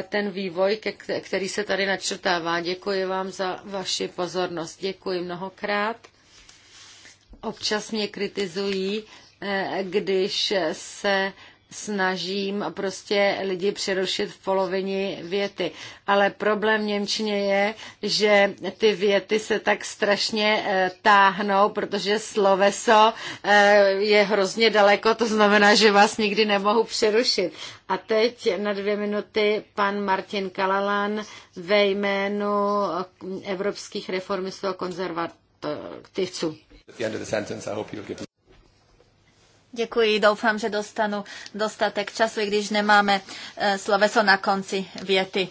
ten vývoj, který se tady načrtává. Děkuji vám za vaši pozornost. Děkuji mnohokrát. Občas mě kritizují, eh, když se snažím prostě lidi přerušit v polovině věty. Ale problém v Němčině je, že ty věty se tak strašně eh, táhnou, protože sloveso eh, je hrozně daleko, to znamená, že vás nikdy nemohu přerušit. A teď na dvě minuty pan Martin Kalalan ve jménu evropských reformistů a konzervativců. Děkuji, doufám, že dostanu
dostatek času, i když nemáme eh, sloveso na konci věty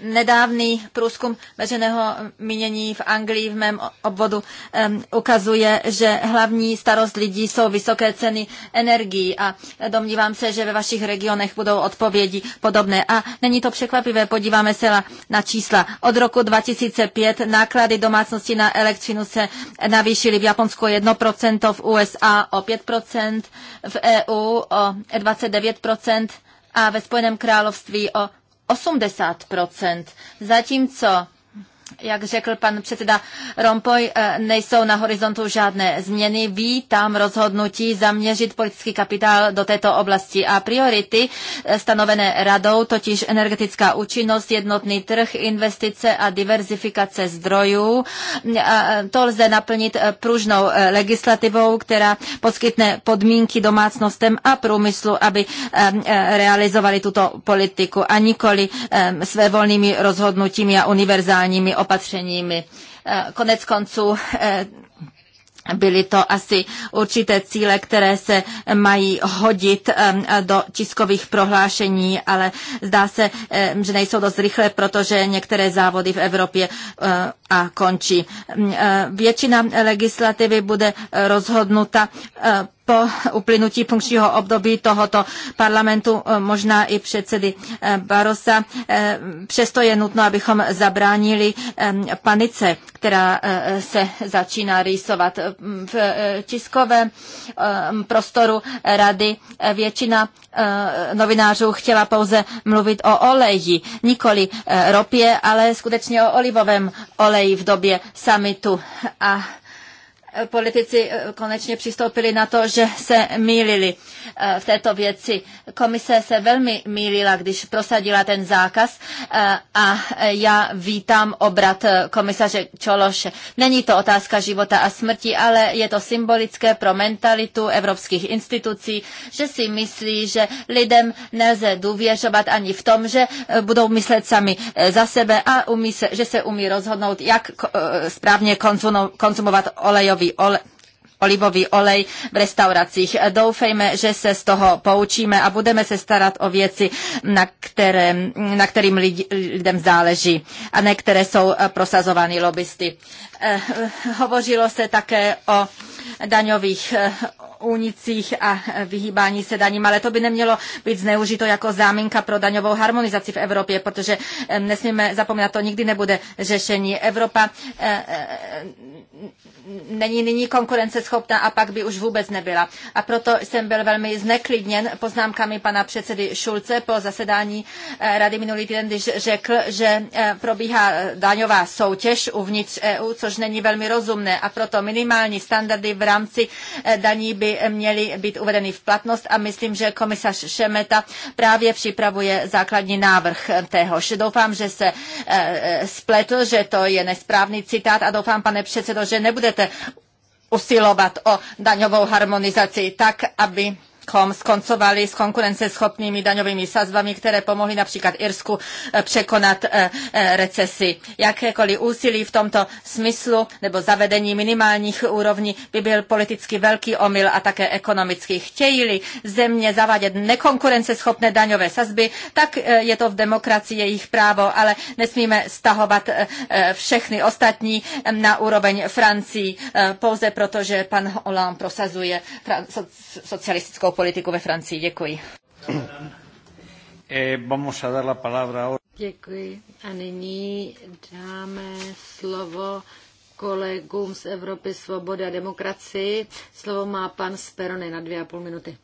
nedávný průzkum veřejného mínění v Anglii v mém obvodu um, ukazuje, že hlavní starost lidí jsou vysoké ceny energií a domnívám se, že ve vašich regionech budou odpovědi podobné. A není to překvapivé, podíváme se na čísla. Od roku 2005 náklady domácnosti na elektřinu se navýšily v Japonsku 1%, v USA o 5%, v EU o 29% a ve Spojeném království o 80 zatímco jak řekl pan předseda Rompoy, eh, nejsou na horizontu žádné změny. Vítám rozhodnutí zaměřit politický kapitál do této oblasti a priority eh, stanovené radou, totiž energetická účinnost, jednotný trh, investice a diverzifikace zdrojů. Eh, to lze naplnit pružnou legislativou, která poskytne podmínky domácnostem a průmyslu, aby realizovali tuto politiku a nikoli svévolnými rozhodnutími a univerzálními opatřeními. Eh, konec konců eh, byly to asi určité cíle, které se mají hodit ehm, do tiskových prohlášení, ale zdá se, ehm, že nejsou dost rychle, protože některé závody v Evropě eh, a končí. Ehm, většina legislativy bude rozhodnuta po uplynutí funkčního období tohoto parlamentu, eh, možná i předsedy eh, Barosa. Eh, přesto je nutno, abychom zabránili ehm, panice, která se začíná rýsovat. V tiskovém ehm, prostoru rady většina novinářů chtěla pouze mluvit o oleji, nikoli ropě, ale skutečně o olivovém oleji v době samitu. A Eh, politici eh, konečně přistoupili na to, že se mýlili eh, v této věci. Komise se velmi mýlila, když prosadila ten zákaz a já vítám obrat komisaře Čološe. Není to otázka života a smrti, ale je to symbolické pro mentalitu evropských institucí, že si myslí, že lidem nelze důvěřovat ani v tom, že budou myslet sami za sebe a umí se, že se umí rozhodnout, jak správně konzumovat olejový olivový olej olivový olej v restauracích. Doufejme, že se z toho poučíme a budeme se starat o věci, na, které, na kterým lidem záleží a ne které jsou eh, prosazovány lobbysty. Eh, eh, hovořilo se také o daňových únicích a vyhýbání se daním, ale to by nemělo být zneužito jako záminka pro daňovou harmonizaci v Evropě, protože eh, nesmíme zapomínat, to nikdy nebude řešení. Evropa eh, eh, není nyní konkurenceschopná a pak by už vůbec nebyla. A proto jsem byl velmi zneklidněn poznámkami pana předsedy Šulce po zasedání rady minulý týden, když řekl, že probíhá daňová soutěž uvnitř EU, což není velmi rozumné a proto minimální standardy v rámci daní by měly být uvedeny v platnost a myslím, že komisař Šemeta právě připravuje základní návrh téhož. Doufám, že se eh, spletl, že to je nesprávný citát a doufám, pane předsedo, že nebudete usilovat o daňovou harmonizaci tak, aby abychom skoncovali s konkurenceschopnými daňovými sazbami, které pomohly například Irsku eh, překonat eh, eh, recesi. Jakékoliv úsilí v tomto smyslu nebo zavedení minimálních úrovní by byl politicky velký omyl a také ekonomicky. Chtějí-li země zavádět nekonkurenceschopné daňové sazby, tak je to v demokracii jejich právo, ale nesmíme stahovat všechny ostatní na úroveň Francii pouze proto, že pan Hollande prosazuje socialistickou politiku politiku ve Francii. Děkuji.
Eh, Děkuji. A nyní dáme slovo kolegům z Evropy svobody a demokracii. Slovo má pan Sperony na dvě a půl minuty.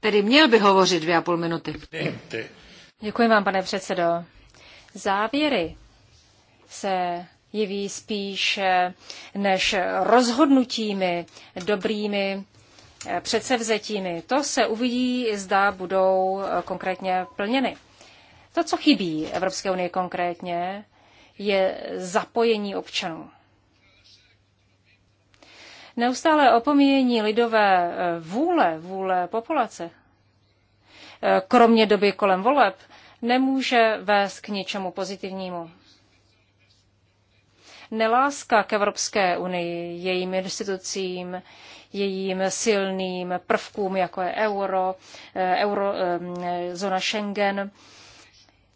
Tedy měl by hovořit dvě a půl minuty. Děkuji vám, pane
předsedo. Závěry se jeví spíš než rozhodnutími dobrými předsevzetími. To se uvidí, zda budou eh, konkrétně plněny. To, co chybí Evropské unii konkrétně, je zapojení občanů. Neustále opomíjení lidové eh, vůle, vůle populace, eh, kromě doby kolem voleb, nemůže vést k ničemu pozitivnímu. Neláska k Evropské unii, jejím institucím, jejím silným prvkům, jako je euro, eh, euro eh, zóna Schengen,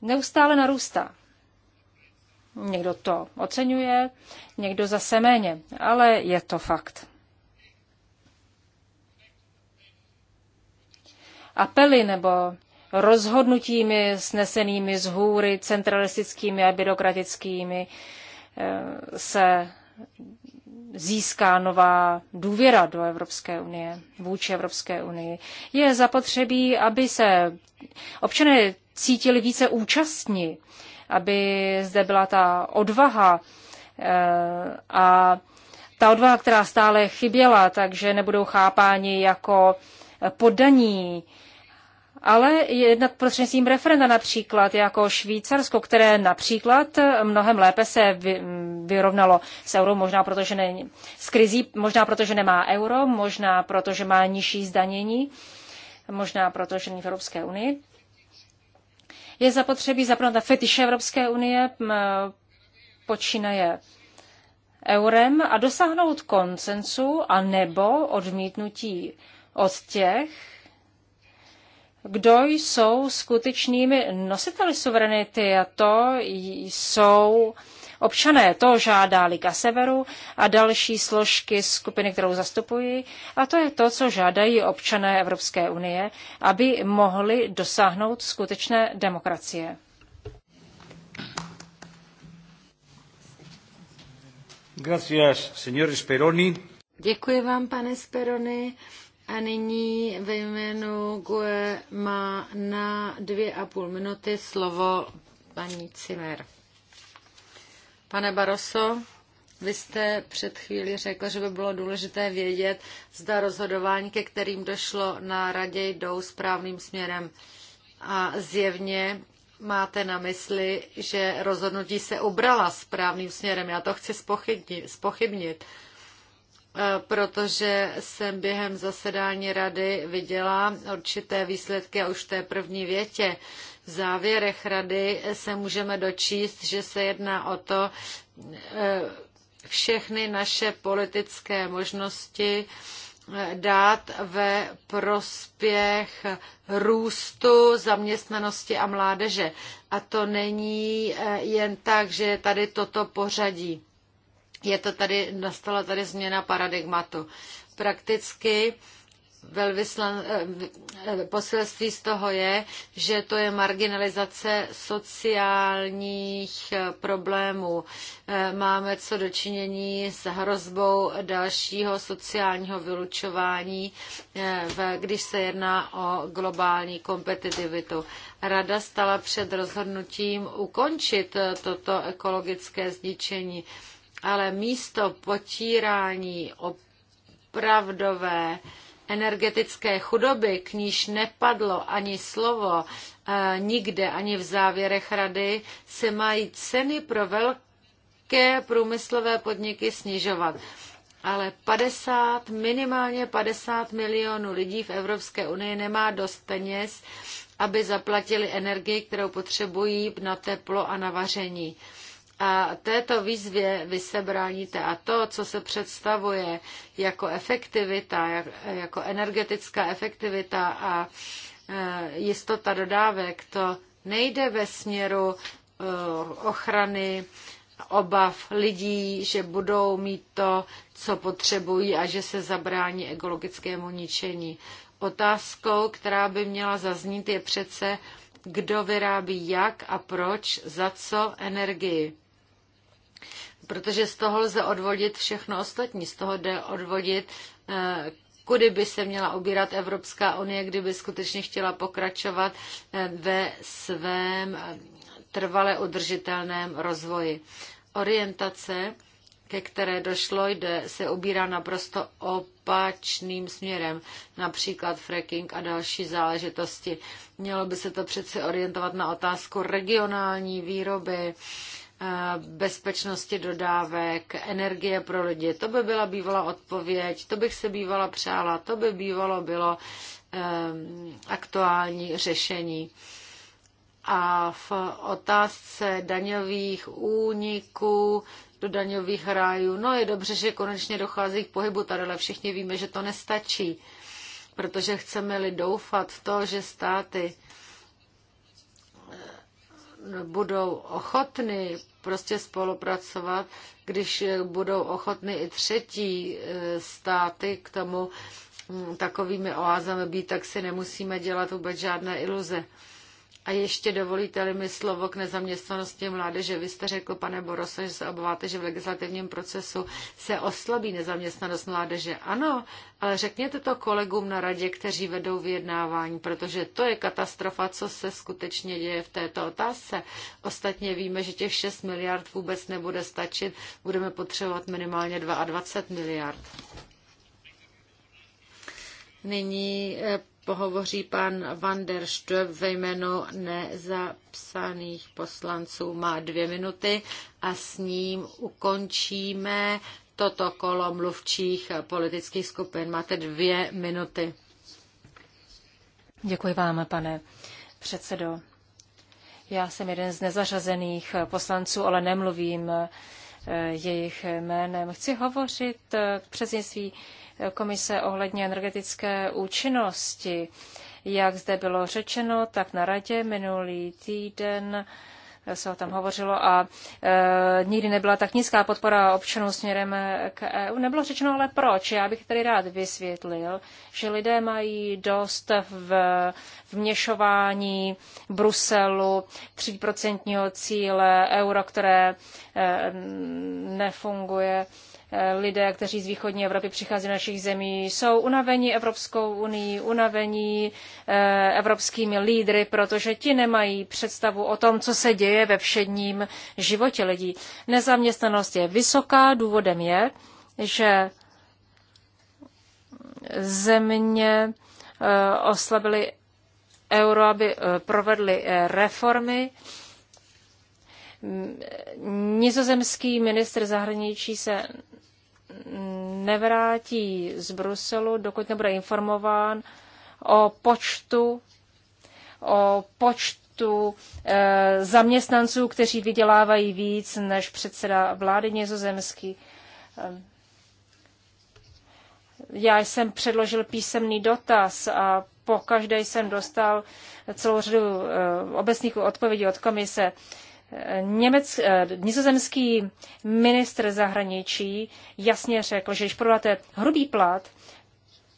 neustále narůstá. Někdo to oceňuje, někdo zase méně, ale je to fakt. Apely nebo rozhodnutími snesenými z hůry, centralistickými a byrokratickými, eh, se získá nová důvěra do Evropské unie, vůči Evropské unii. Je zapotřebí, aby se občané cítili více účastní, aby zde byla ta odvaha eh, a ta odvaha, která stále chyběla, takže nebudou chápáni jako podaní, ale jednat prostřednictvím referenda například, jako Švýcarsko, které například mnohem lépe se vy, vyrovnalo s euro, možná protože není s krizí, možná protože nemá euro, možná protože má nižší zdanění, možná protože není v Evropské unii. Je zapotřebí zapnout na fetiše Evropské unie, počínaje eurem a dosáhnout koncensu a nebo odmítnutí od těch, kdo jsou skutečnými nositeli suverenity a to jsou občané. To žádá Liga Severu a další složky skupiny, kterou zastupují, A to je to, co žádají občané Evropské unie, aby mohli dosáhnout skutečné demokracie.
Gracias, señor Speroni.
Děkuji vám, pane Speroni. A nyní ve jménu GUE má na dvě a půl minuty slovo paní Cimer. Pane Baroso, vy jste před chvílí řekl, že by bylo důležité vědět, zda rozhodování, ke kterým došlo na radě, jdou správným směrem. A zjevně máte na mysli, že rozhodnutí se ubrala správným směrem. Já to chci spochybnit. spochybnit. Eh, protože jsem během zasedání rady viděla určité výsledky a už v té první větě. V závěrech rady se můžeme dočíst, že se jedná o to, eh, všechny naše politické možnosti eh, dát ve prospěch růstu zaměstnanosti a mládeže. A to není jen tak, že je tady toto pořadí je to tady, nastala tady změna paradigmatu. Prakticky velvyslan, eh, poselství z toho je, že to je marginalizace sociálních eh, problémů. Eh, máme co dočinění s hrozbou dalšího sociálního vylučování, když se jedná o globální kompetitivitu. Rada stala před rozhodnutím ukončit toto ekologické zničení ale místo potírání opravdové energetické chudoby, k níž nepadlo ani slovo eh, nikde, ani v závěrech rady, se mají ceny pro velké průmyslové podniky snižovat. Ale 50, minimálně 50 milionů lidí v Evropské unii nemá dost peněz, aby zaplatili energii, kterou potřebují na teplo a na vaření. A této výzvě vy se bráníte. A to, co se představuje jako efektivita, jako energetická efektivita a eh, jistota dodávek, to nejde ve směru eh, ochrany obav lidí, že budou mít to, co potřebují a že se zabrání ekologickému ničení. Otázkou, která by měla zaznít, je přece, kdo vyrábí jak a proč, za co energii protože z toho lze odvodit všechno ostatní. Z toho jde odvodit, eh, kudy by se měla ubírat Evropská unie, kdyby skutečně chtěla pokračovat eh, ve svém eh, trvale udržitelném rozvoji. Orientace, ke které došlo, jde, se ubírá naprosto opačným směrem, například fracking a další záležitosti. Mělo by se to přeci orientovat na otázku regionální výroby, Eh, bezpečnosti dodávek, energie pro lidi. To by byla bývala odpověď, to bych se bývala přála, to by bývalo bylo eh, aktuální řešení. A v otázce daňových úniků do daňových rájů, no je dobře, že konečně dochází k pohybu tady, ale všichni víme, že to nestačí, protože chceme-li doufat v to, že státy budou ochotny prostě spolupracovat, když budou ochotny i třetí e, státy k tomu takovými oázami být, tak si nemusíme dělat vůbec žádné iluze. A ještě dovolíte-li mi slovo k nezaměstnanosti mládeže. Vy jste řekl, pane Borose, že se obáváte, že v legislativním procesu se oslabí nezaměstnanost mládeže. Ano, ale řekněte to kolegům na radě, kteří vedou vyjednávání, protože to je katastrofa, co se skutečně děje v této otázce. Ostatně víme, že těch 6 miliard vůbec nebude stačit, budeme potřebovat minimálně 22 miliard. Nyní eh, pohovoří pan Van der Stöp ve jménu nezapsaných poslanců. Má dvě minuty a s ním ukončíme toto kolo mluvčích politických skupin. Máte dvě minuty.
Děkuji vám, pane
předsedo. Já jsem jeden
z nezařazených poslanců, ale nemluvím eh, jejich jménem. Chci hovořit eh, k předsednictví komise ohledně energetické účinnosti. Jak zde bylo řečeno, tak na radě minulý týden se o tom hovořilo a e, nikdy nebyla tak nízká podpora občanů směrem k EU. Nebylo řečeno ale proč. Já bych tady rád vysvětlil, že lidé mají dost v vměšování Bruselu, 3% cíle, euro, které e, nefunguje. E, lidé, kteří z východní Evropy přichází do našich zemí, jsou unavení Evropskou unii, unavení eh, evropskými lídry, protože ti nemají představu o tom, co se děje ve všedním životě lidí. Nezaměstnanost je vysoká, důvodem je, že země eh, oslabily euro, aby eh, provedly reformy. Nizozemský ministr zahraničí se nevrátí z Bruselu, dokud nebude informován o počtu, o počtu e, zaměstnanců, kteří vydělávají víc než předseda vlády nizozemský. Eh, já jsem předložil písemný dotaz a po každé jsem dostal celou řadu e, obecných odpovědí od komise. E, Němec, eh, nizozemský ministr zahraničí jasně řekl, že když prodáte hrubý plat,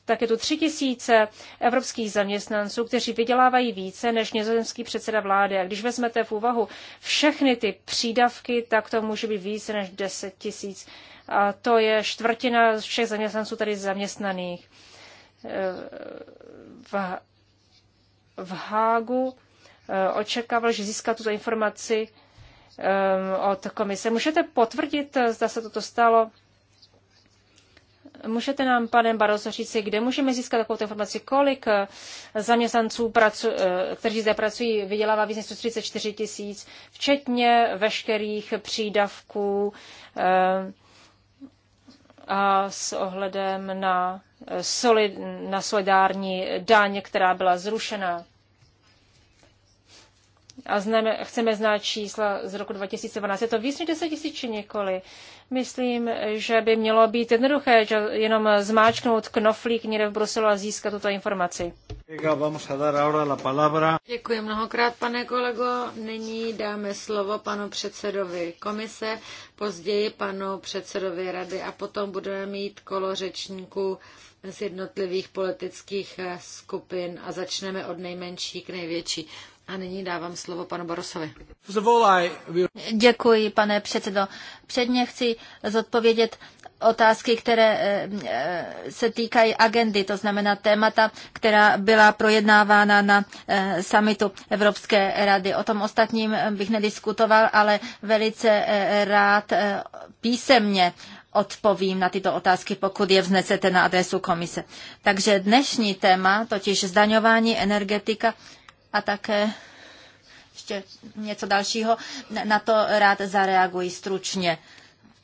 tak je tu tři tisíce evropských zaměstnanců, kteří vydělávají více než nizozemský předseda vlády. A když vezmete v úvahu všechny ty přídavky, tak to může být více než 10 tisíc. A to je čtvrtina všech zaměstnanců tady zaměstnaných. Eh, v, v Hágu Eh, očekával, že získá tuto informaci eh, od komise. Můžete potvrdit, eh, zda se toto stalo? Můžete nám, pane Barroso, říci, kde můžeme získat takovou informaci, kolik zaměstnanců, pracu, kteří zde pracují, vydělává víc než 134 tisíc, včetně veškerých přídavků a s ohledem na, solid, na solidární daň, která byla zrušena a známe, chceme znát čísla z roku 2012. Je to víc než 10 tisíc či nikoli? Myslím, že by mělo být jednoduché že jenom zmáčknout knoflík někde v Bruselu a získat tuto informaci.
Děkuji mnohokrát, pane kolego. Nyní dáme slovo panu předsedovi komise, později panu předsedovi rady a potom budeme mít kolo řečníků z jednotlivých politických eh, skupin a začneme od nejmenší k největší. A nyní dávám slovo panu Borosovi.
Děkuji, pane předsedo. Předně chci zodpovědět otázky, které eh, eh, se týkají agendy, to znamená témata, která byla projednávána na eh, samitu Evropské rady. O tom ostatním bych nediskutoval, ale velice rád písemně odpovím na tyto otázky, pokud je vznesete na adresu komise. Takže dnešní téma, totiž zdaňování energetika, a také ještě něco dalšího, na to rád zareaguji stručně.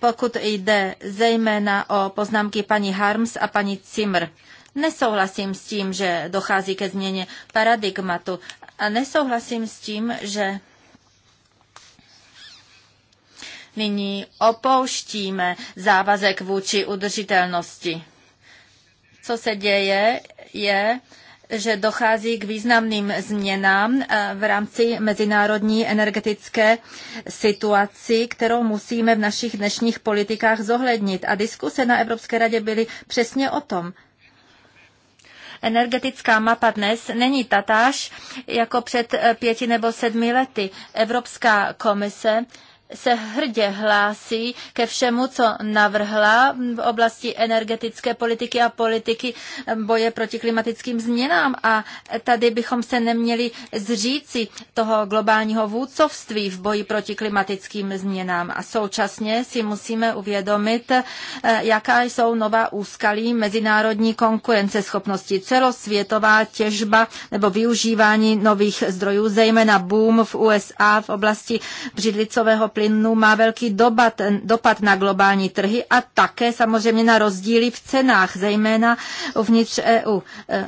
Pokud jde zejména o poznámky paní Harms a paní Zimmer, nesouhlasím s tím, že dochází ke změně paradigmatu a nesouhlasím s tím, že nyní opouštíme závazek vůči udržitelnosti. Co se děje, je, že dochází k významným změnám eh, v rámci mezinárodní energetické situaci, kterou musíme v našich dnešních politikách zohlednit. A diskuse na Evropské radě byly přesně o tom. Energetická mapa dnes není tatáž jako před eh, pěti nebo sedmi lety. Evropská komise se hrdě hlásí ke všemu, co navrhla v oblasti energetické politiky a politiky boje proti klimatickým změnám. A tady bychom se neměli zříci toho globálního vůdcovství v boji proti klimatickým změnám. A současně si musíme uvědomit, eh, jaká jsou nová úskalí mezinárodní konkurenceschopnosti. Celosvětová těžba nebo využívání nových zdrojů, zejména boom v USA v oblasti břidlicového plynu má velký dobat, dopad na globální trhy a také samozřejmě na rozdíly v cenách, zejména uvnitř EU.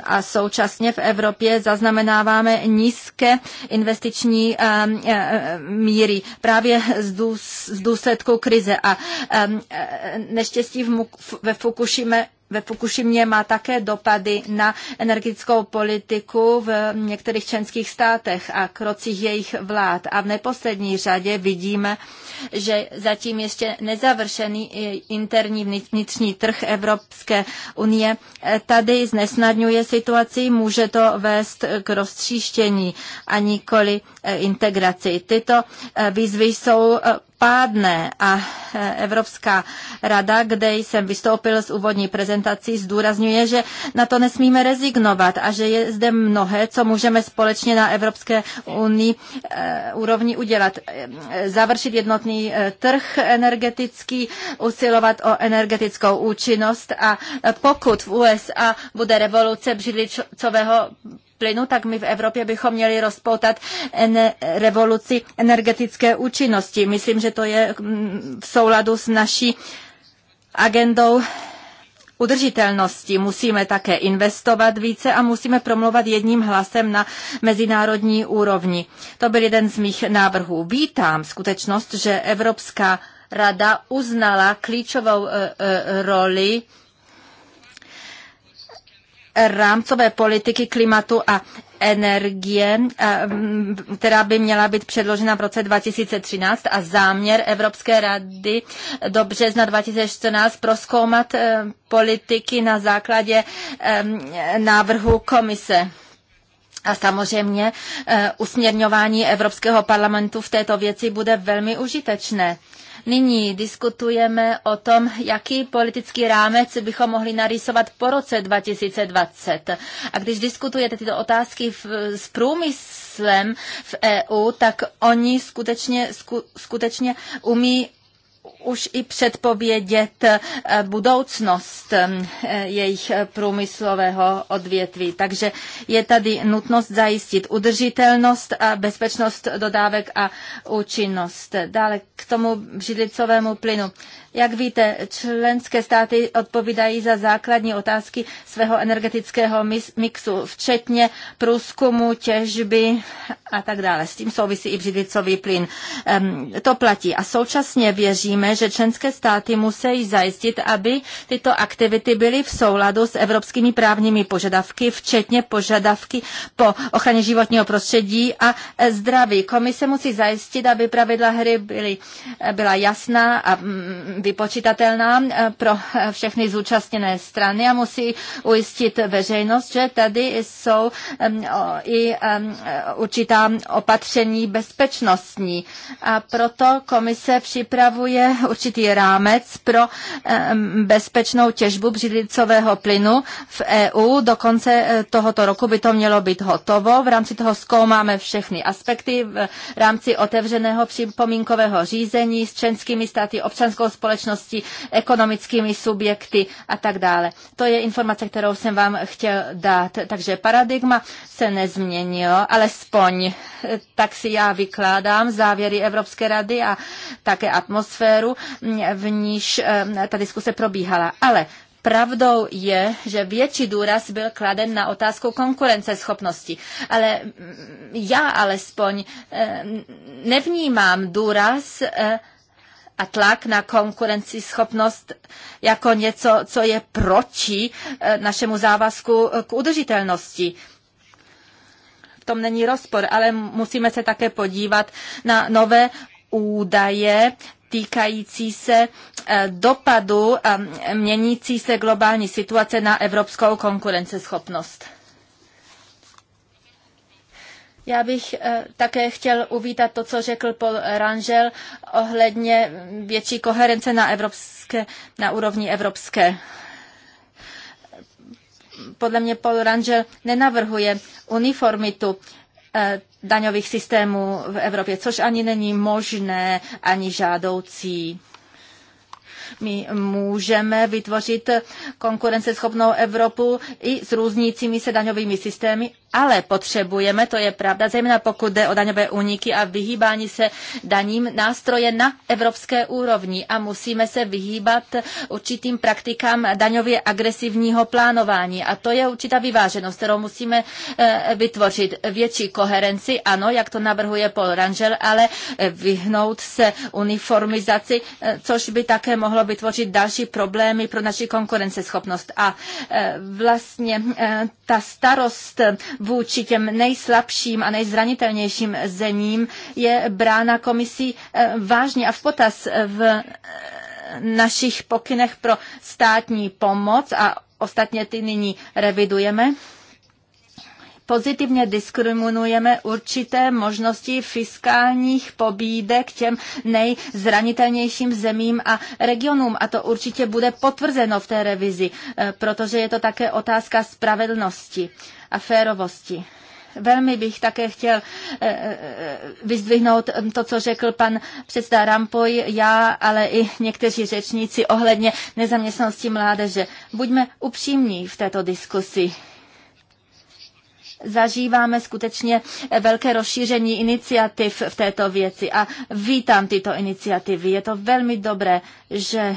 A současně v Evropě zaznamenáváme nízké investiční e, e, míry právě z důsledku krize a e, neštěstí ve Fukushime ve Fukushimě má také dopady na energetickou politiku v některých členských státech a krocích jejich vlád. A v neposlední řadě vidíme, že zatím ještě nezavršený interní vnitřní trh Evropské unie eh, tady znesnadňuje situaci, může to vést k roztříštění a nikoli eh, integraci. Tyto eh, výzvy jsou pádné a e, Evropská rada, kde jsem vystoupil s úvodní prezentací, zdůrazňuje, že na to nesmíme rezignovat a že je zde mnohé, co můžeme společně na Evropské unii e, úrovni udělat. E, završit jednotný trh energetický, usilovat o energetickou účinnost a pokud v USA bude revoluce břidličového plynu, tak my v Evropě bychom měli rozpoutat revoluci energetické účinnosti. Myslím, že to je mm, v souladu s naší agendou udržitelnosti. Musíme také investovat více a musíme promluvat jedním hlasem na mezinárodní úrovni. To byl jeden z mých návrhů. Vítám skutečnost, že Evropská rada uznala klíčovou e, e, roli rámcové politiky klimatu a energie, která by měla být předložena v roce 2013 a záměr Evropské rady do března 2014 proskoumat e, politiky na základě e, návrhu komise. A samozřejmě e, usměrňování Evropského parlamentu v této věci bude velmi užitečné. Nyní diskutujeme o tom, jaký politický rámec bychom mohli narýsovat po roce 2020. A když diskutujete tyto otázky v, s průmyslem v EU, tak oni skutečně, sku, skutečně umí už i předpovědět eh, budoucnost eh, jejich průmyslového odvětví. Takže je tady nutnost zajistit udržitelnost a bezpečnost dodávek a účinnost. Dále k tomu břidlicovému plynu. Jak víte, členské státy odpovídají za základní otázky svého energetického mixu, včetně průzkumu, těžby a tak dále. S tím souvisí i břidlicový plyn. To platí. A současně věříme, že členské státy musí zajistit, aby tyto aktivity byly v souladu s evropskými právními požadavky, včetně požadavky po ochraně životního prostředí a zdraví. Komise musí zajistit, aby pravidla hry byly, byla jasná a mm, vypočitatelná eh, pro eh, všechny zúčastněné strany a musí ujistit veřejnost, že tady jsou ehm, i ehm, určitá opatření bezpečnostní. A proto komise připravuje určitý rámec pro ehm, bezpečnou těžbu břidlicového plynu v EU. Do konce eh, tohoto roku by to mělo být hotovo. V rámci toho zkoumáme všechny aspekty v rámci otevřeného připomínkového řízení s členskými státy občanskou společností společnosti, ekonomickými subjekty a tak dále. To je informace, kterou jsem vám chtěl dát. Takže paradigma se nezměnilo, alespoň tak si já vykládám závěry Evropské rady a také atmosféru, v níž eh, ta diskuse probíhala. Ale Pravdou je, že větší důraz byl kladen na otázku konkurenceschopnosti, ale mm, já alespoň eh, nevnímám důraz eh, a tlak na schopnost jako něco, co je proti eh, našemu závazku eh, k udržitelnosti V tom není rozpor, ale musíme se také podívat na nové údaje týkající se eh, dopadu měnící se globální situace na evropskou konkurenceschopnost. Já bych eh, také chtěl uvítat to, co řekl Paul Rangel ohledně větší koherence na, evropské, na úrovni evropské. Podle mě Paul Rangel nenavrhuje uniformitu eh, daňových systémů v Evropě, což ani není možné, ani žádoucí. My můžeme vytvořit konkurenceschopnou Evropu i s různícími se daňovými systémy, ale potřebujeme, to je pravda, zejména pokud jde o daňové úniky a vyhýbání se daním nástroje na evropské úrovni a musíme se vyhýbat určitým praktikám daňově agresivního plánování. A to je určitá vyváženost, kterou musíme eh, vytvořit větší koherenci, ano, jak to navrhuje Paul Rangel, ale vyhnout se uniformizaci, eh, což by také mohlo mohlo vytvořit další problémy pro naši konkurenceschopnost. A e, vlastně e, ta starost vůči těm nejslabším a nejzranitelnějším zemím je brána komisí e, vážně a v potaz v našich pokynech pro státní pomoc a ostatně ty nyní revidujeme pozitivně diskriminujeme určité možnosti fiskálních pobídek těm nejzranitelnějším zemím a regionům. A to určitě bude potvrzeno v té revizi, eh, protože je to také otázka spravedlnosti a férovosti. Velmi bych také chtěl eh, eh, vyzdvihnout to, co řekl pan předseda Rampoj, já, ale i někteří řečníci ohledně nezaměstnanosti mládeže. Buďme upřímní v této diskusi zažíváme skutečně velké rozšíření iniciativ v této věci a vítám tyto iniciativy. Je to velmi dobré, že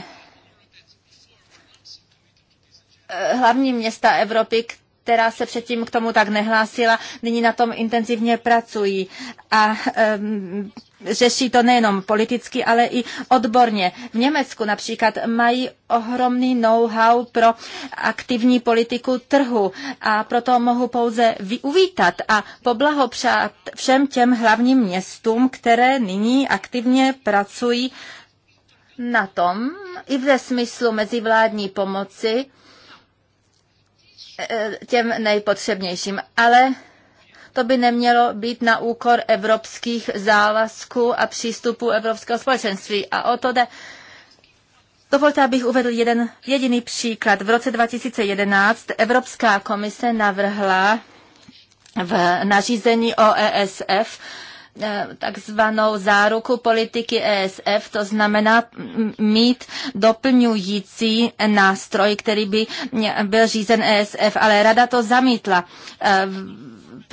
eh, hlavní města Evropy, která se předtím k tomu tak nehlásila, nyní na tom intenzivně pracují. A um, řeší to nejenom politicky, ale i odborně. V Německu například mají ohromný know-how pro aktivní politiku trhu a proto mohu pouze uvítat a poblahopřát všem těm hlavním městům, které nyní aktivně pracují na tom, i ve smyslu mezivládní pomoci e, e, těm nejpotřebnějším. Ale to by nemělo být na úkor evropských závazků a přístupů Evropského společenství. A o to jde. Dovolte, abych uvedl jeden jediný příklad. V roce 2011 Evropská komise navrhla v nařízení o ESF eh, takzvanou záruku politiky ESF, to znamená mít doplňující nástroj, který by byl řízen ESF, ale rada to zamítla eh,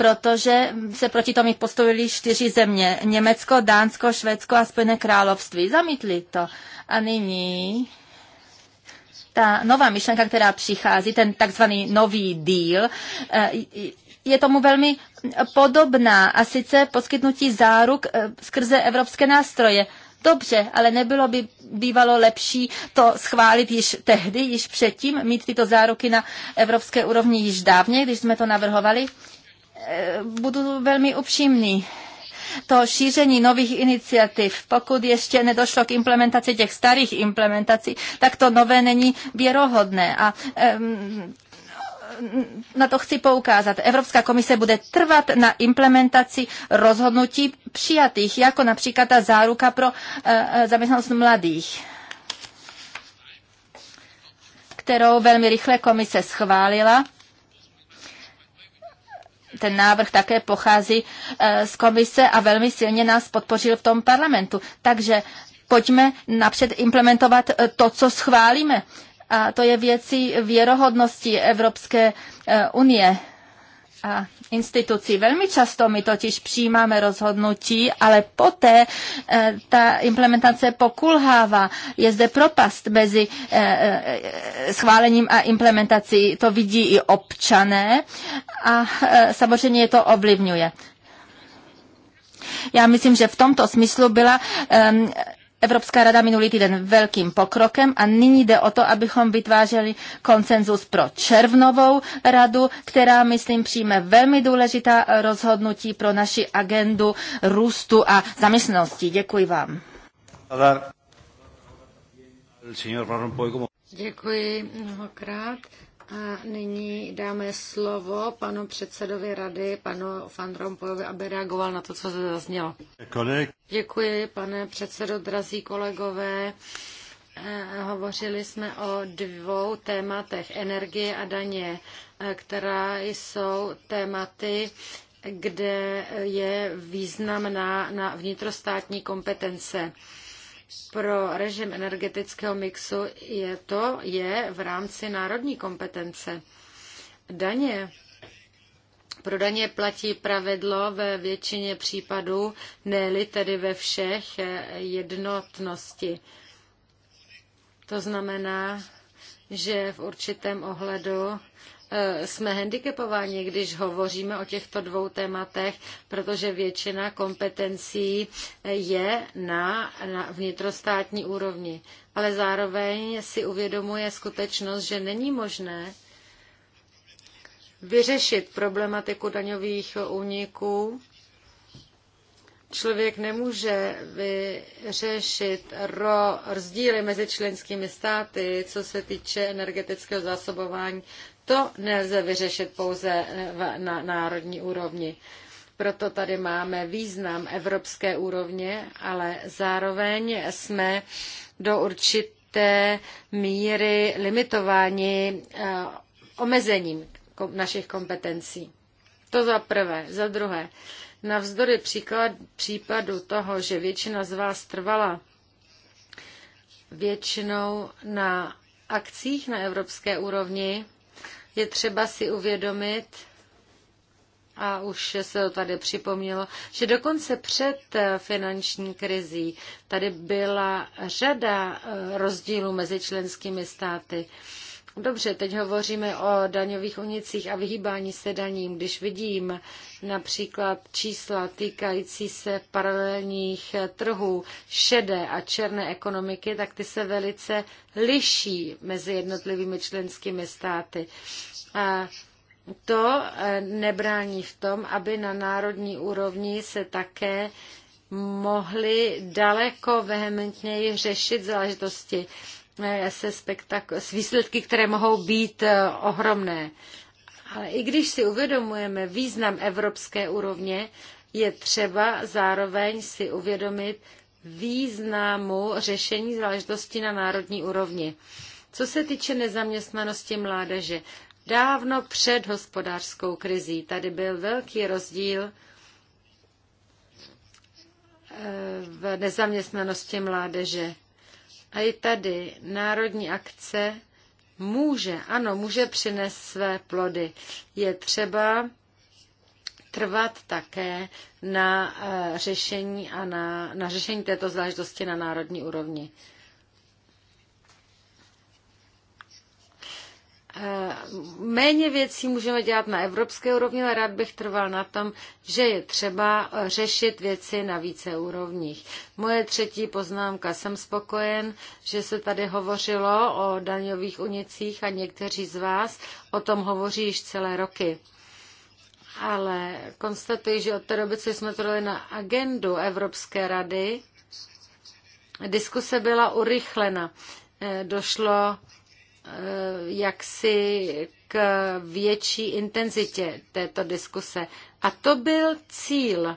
protože se proti tomu postavili čtyři země. Německo, Dánsko, Švédsko a Spojené království. Zamítli to. A nyní ta nová myšlenka, která přichází, ten takzvaný nový díl, eh, je tomu velmi podobná a sice poskytnutí záruk eh, skrze evropské nástroje. Dobře, ale nebylo by bývalo lepší to schválit již tehdy, již předtím, mít tyto záruky na evropské úrovni již dávně, když jsme to navrhovali? Eh, budu velmi upřímný to šíření nových iniciativ, pokud ještě nedošlo k implementaci těch starých implementací, tak to nové není věrohodné. A um, na to chci poukázat. Evropská komise bude trvat na implementaci rozhodnutí přijatých, jako například ta záruka pro uh, zaměstnanost mladých kterou velmi rychle komise schválila ten návrh také pochází eh, z komise a velmi silně nás podpořil v tom parlamentu. Takže pojďme napřed implementovat eh, to, co schválíme. A to je věcí věrohodnosti Evropské eh, unie institucí. Velmi často my totiž přijímáme rozhodnutí, ale poté eh, ta implementace pokulhává. Je zde propast mezi eh, eh, schválením a implementací. To vidí i občané a samozřejmě je to ovlivňuje. Já myslím, že v tomto smyslu byla um, Evropská rada minulý týden velkým pokrokem a nyní jde o to, abychom vytvářeli konsenzus pro červnovou radu, která, myslím, přijme velmi důležitá rozhodnutí pro naši agendu růstu a zaměstnanosti. Děkuji vám.
Děkuji mnohokrát. A nyní dáme slovo panu předsedovi rady, panu Van Rompuyovi, aby reagoval na to, co se zaznělo. Kolik? Děkuji, pane předsedo, drazí kolegové. Eh, hovořili jsme o dvou tématech, energie a daně, eh, která jsou tématy, kde je významná na vnitrostátní kompetence pro režim energetického mixu je to je v rámci národní kompetence. Daně pro daně platí pravidlo ve většině případů, ne tedy ve všech eh, jednotnosti. To znamená, že v určitém ohledu Eh, jsme handicapováni, když hovoříme o těchto dvou tématech, protože většina kompetencí eh, je na, na vnitrostátní úrovni. Ale zároveň si uvědomuje skutečnost, že není možné vyřešit problematiku daňových úniků člověk nemůže vyřešit rozdíly mezi členskými státy, co se týče energetického zásobování to nelze vyřešit pouze eh, na národní úrovni. Proto tady máme význam evropské úrovně, ale zároveň jsme do určité míry limitováni eh, omezením našich kompetencí. To za prvé. Za druhé, navzdory příklad, případu toho, že většina z vás trvala většinou na akcích na evropské úrovni, je třeba si uvědomit, a už se to tady připomnělo, že dokonce před eh, finanční krizí tady byla řada eh, rozdílů mezi členskými státy. Dobře, teď hovoříme o daňových unicích a vyhýbání se daním. Když vidím například čísla týkající se paralelních trhů šedé a černé ekonomiky, tak ty se velice liší mezi jednotlivými členskými státy. A to eh, nebrání v tom, aby na národní úrovni se také mohli daleko vehementněji řešit záležitosti Eh, se spektak- s výsledky, které mohou být eh, ohromné. Ale i když si uvědomujeme význam evropské úrovně, je třeba zároveň si uvědomit významu řešení záležitosti na národní úrovni. Co se týče nezaměstnanosti mládeže, dávno před hospodářskou krizí tady byl velký rozdíl eh, v nezaměstnanosti mládeže. A i tady národní akce může, ano, může přinést své plody. Je třeba trvat také na eh, řešení a na, na řešení této záležitosti na národní úrovni. Eh, méně věcí můžeme dělat na evropské úrovni, ale rád bych trval na tom, že je třeba eh, řešit věci na více úrovních. Moje třetí poznámka. Jsem spokojen, že se tady hovořilo o daňových unicích a někteří z vás o tom hovoří již celé roky. Ale konstatuji, že od té doby, co jsme to dali na agendu Evropské rady, diskuse byla urychlena. Eh, došlo Eh, jaksi k větší intenzitě této diskuse. A to byl cíl,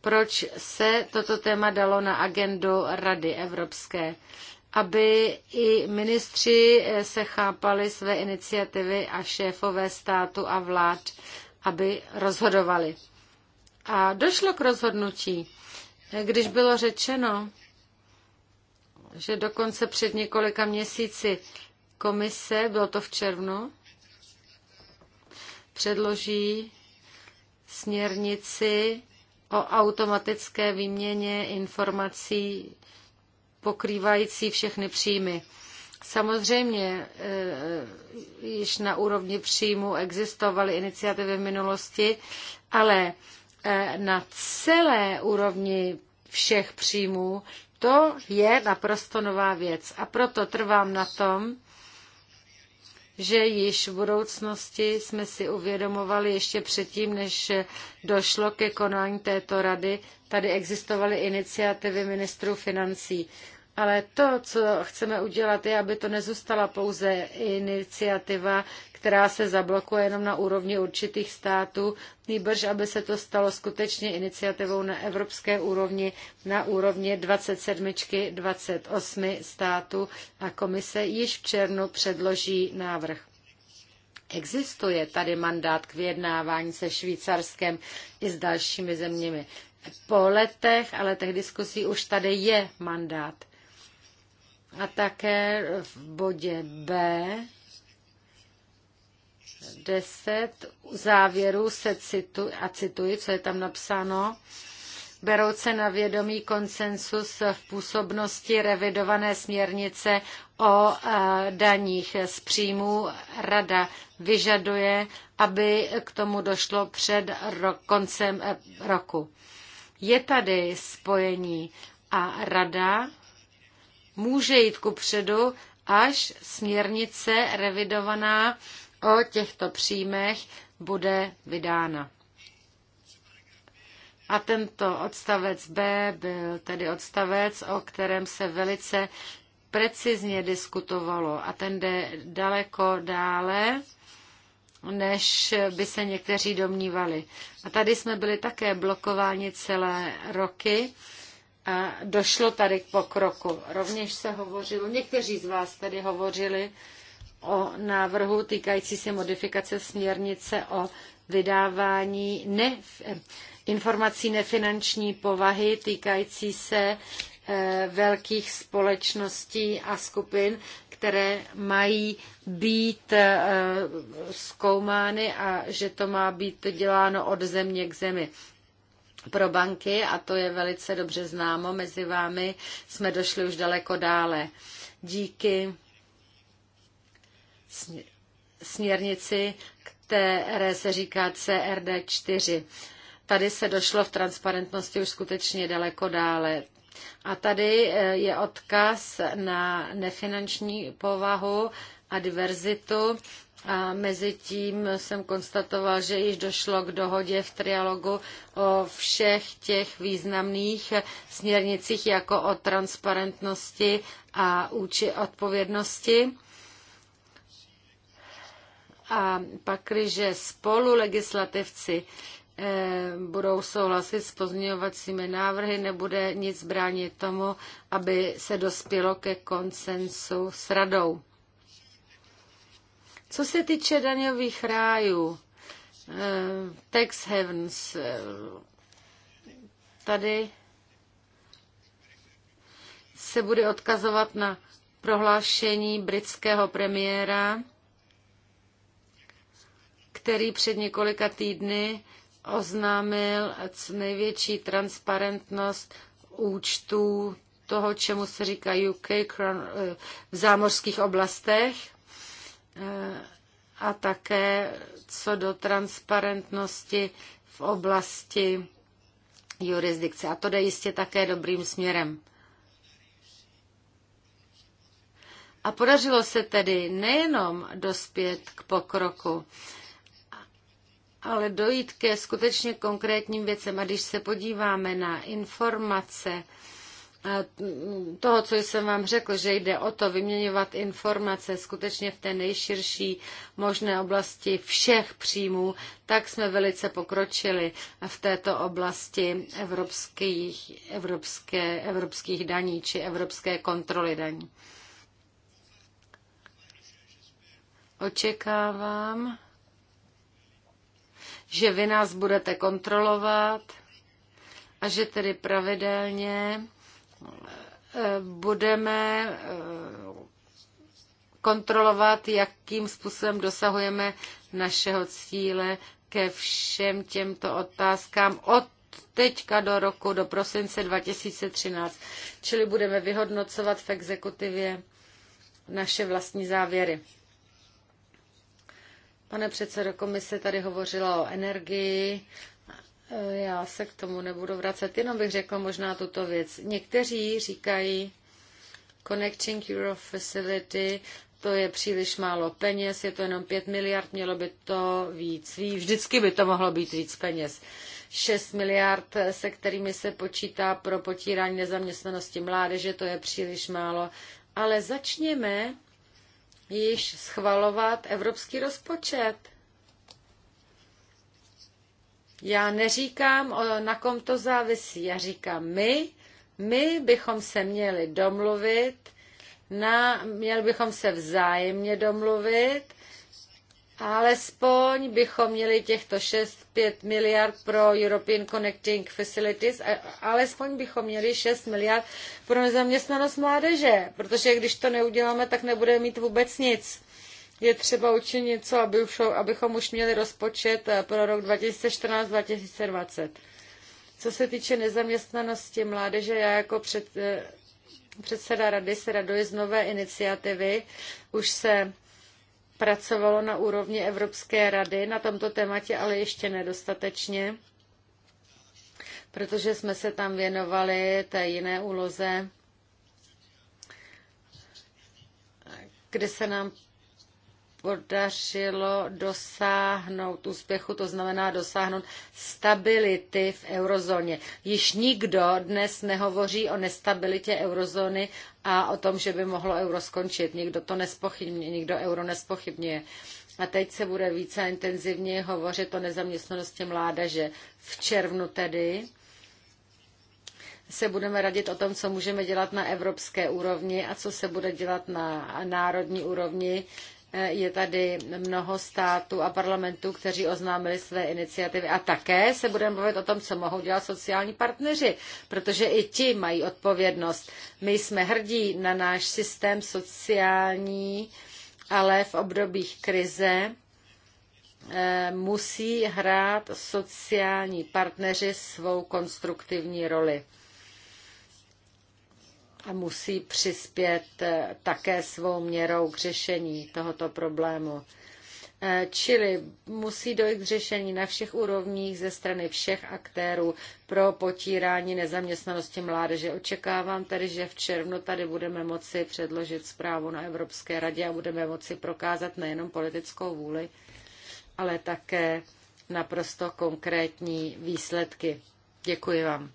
proč se toto téma dalo na agendu Rady Evropské aby i ministři eh, se chápali své iniciativy a šéfové státu a vlád, aby rozhodovali. A došlo k rozhodnutí, eh, když bylo řečeno, že dokonce před několika měsíci komise, bylo to v červnu, předloží směrnici o automatické výměně informací pokrývající všechny příjmy. Samozřejmě e, již na úrovni příjmu existovaly iniciativy v minulosti, ale e, na celé úrovni všech příjmů to je naprosto nová věc a proto trvám na tom, že již v budoucnosti jsme si uvědomovali ještě předtím, než došlo ke konání této rady, tady existovaly iniciativy ministrů financí. Ale to, co chceme udělat, je, aby to nezůstala pouze iniciativa, která se zablokuje jenom na úrovni určitých států, nýbrž aby se to stalo skutečně iniciativou na evropské úrovni, na úrovni 27, 28 států a komise již v červnu předloží návrh. Existuje tady mandát k vyjednávání se Švýcarskem i s dalšími zeměmi. Po letech, ale těch diskusí už tady je mandát. A také v bodě B 10 závěru se citu, a cituji, co je tam napsáno, berouce na vědomý konsensus v působnosti revidované směrnice o daních z příjmů. Rada vyžaduje, aby k tomu došlo před rok, koncem e, roku. Je tady spojení a rada může jít ku předu, až směrnice revidovaná o těchto příjmech bude vydána. A tento odstavec B byl tedy odstavec, o kterém se velice precizně diskutovalo a ten jde daleko dále, než by se někteří domnívali. A tady jsme byli také blokováni celé roky došlo tady k pokroku. Rovněž se hovořilo, někteří z vás tady hovořili o návrhu týkající se modifikace směrnice o vydávání ne, informací nefinanční povahy týkající se eh, velkých společností a skupin, které mají být eh, zkoumány a že to má být děláno od země k zemi pro banky a to je velice dobře známo. Mezi vámi jsme došli už daleko dále. Díky směrnici, které se říká CRD 4. Tady se došlo v transparentnosti už skutečně daleko dále. A tady e, je odkaz na nefinanční povahu a diverzitu a mezitím jsem konstatoval, že již došlo k dohodě v trialogu o všech těch významných směrnicích jako o transparentnosti a úči odpovědnosti. A pakliže spolu legislativci eh, budou souhlasit s pozměňovacími návrhy, nebude nic bránit tomu, aby se dospělo ke konsensu s radou. Co se týče daňových rájů, eh, tax havens, eh, tady se bude odkazovat na prohlášení britského premiéra, který před několika týdny oznámil co největší transparentnost účtů toho, čemu se říká UK eh, v zámořských oblastech a také co do transparentnosti v oblasti jurisdikce. A to jde jistě také dobrým směrem. A podařilo se tedy nejenom dospět k pokroku, ale dojít ke skutečně konkrétním věcem. A když se podíváme na informace, toho, co jsem vám řekl, že jde o to vyměňovat informace skutečně v té nejširší možné oblasti všech příjmů, tak jsme velice pokročili v této oblasti evropských, evropské, evropských daní či evropské kontroly daní. Očekávám, že vy nás budete kontrolovat a že tedy pravidelně budeme eh, kontrolovat, jakým způsobem dosahujeme našeho cíle ke všem těmto otázkám od teďka do roku, do prosince 2013. Čili budeme vyhodnocovat v exekutivě naše vlastní závěry. Pane předsedo komise tady hovořila o energii Eh, já se k tomu nebudu vracet, jenom bych řekla možná tuto věc. Někteří říkají, Connecting Euro Facility, to je příliš málo peněz, je to jenom 5 miliard, mělo by to víc, vždycky by to mohlo být víc peněz. 6 miliard, eh, se kterými se počítá pro potírání nezaměstnanosti mládeže, to je příliš málo. Ale začněme již schvalovat evropský rozpočet. Já neříkám, na kom to závisí. Já říkám, my, my bychom se měli domluvit, na, měli bychom se vzájemně domluvit, alespoň bychom měli těchto 6-5 miliard pro European Connecting Facilities, alespoň bychom měli 6 miliard pro nezaměstnanost mládeže, protože když to neuděláme, tak nebudeme mít vůbec nic je třeba učinit něco, aby už, abychom už měli rozpočet eh, pro rok 2014-2020. Co se týče nezaměstnanosti mládeže, já jako před, eh, předseda rady se raduji z nové iniciativy. Už se pracovalo na úrovni Evropské rady na tomto tématě, ale ještě nedostatečně, protože jsme se tam věnovali té jiné úloze, kde se nám podařilo dosáhnout úspěchu, to znamená dosáhnout stability v eurozóně. Již nikdo dnes nehovoří o nestabilitě eurozóny a o tom, že by mohlo euro skončit. Nikdo to nespochybňuje, nikdo euro nespochybňuje. A teď se bude více intenzivně hovořit o nezaměstnanosti mládeže. V červnu tedy se budeme radit o tom, co můžeme dělat na evropské úrovni a co se bude dělat na národní úrovni Eh, je tady mnoho států a parlamentů, kteří oznámili své iniciativy. A také se budeme mluvit o tom, co mohou dělat sociální partneři, protože i ti mají odpovědnost. My jsme hrdí na náš systém sociální, ale v obdobích krize eh, musí hrát sociální partneři svou konstruktivní roli musí přispět eh, také svou měrou k řešení tohoto problému. Eh, čili musí dojít k řešení na všech úrovních ze strany všech aktérů pro potírání nezaměstnanosti mládeže. Očekávám tedy, že v červnu tady budeme moci předložit zprávu na Evropské radě a budeme moci prokázat nejenom politickou vůli, ale také naprosto konkrétní výsledky. Děkuji vám.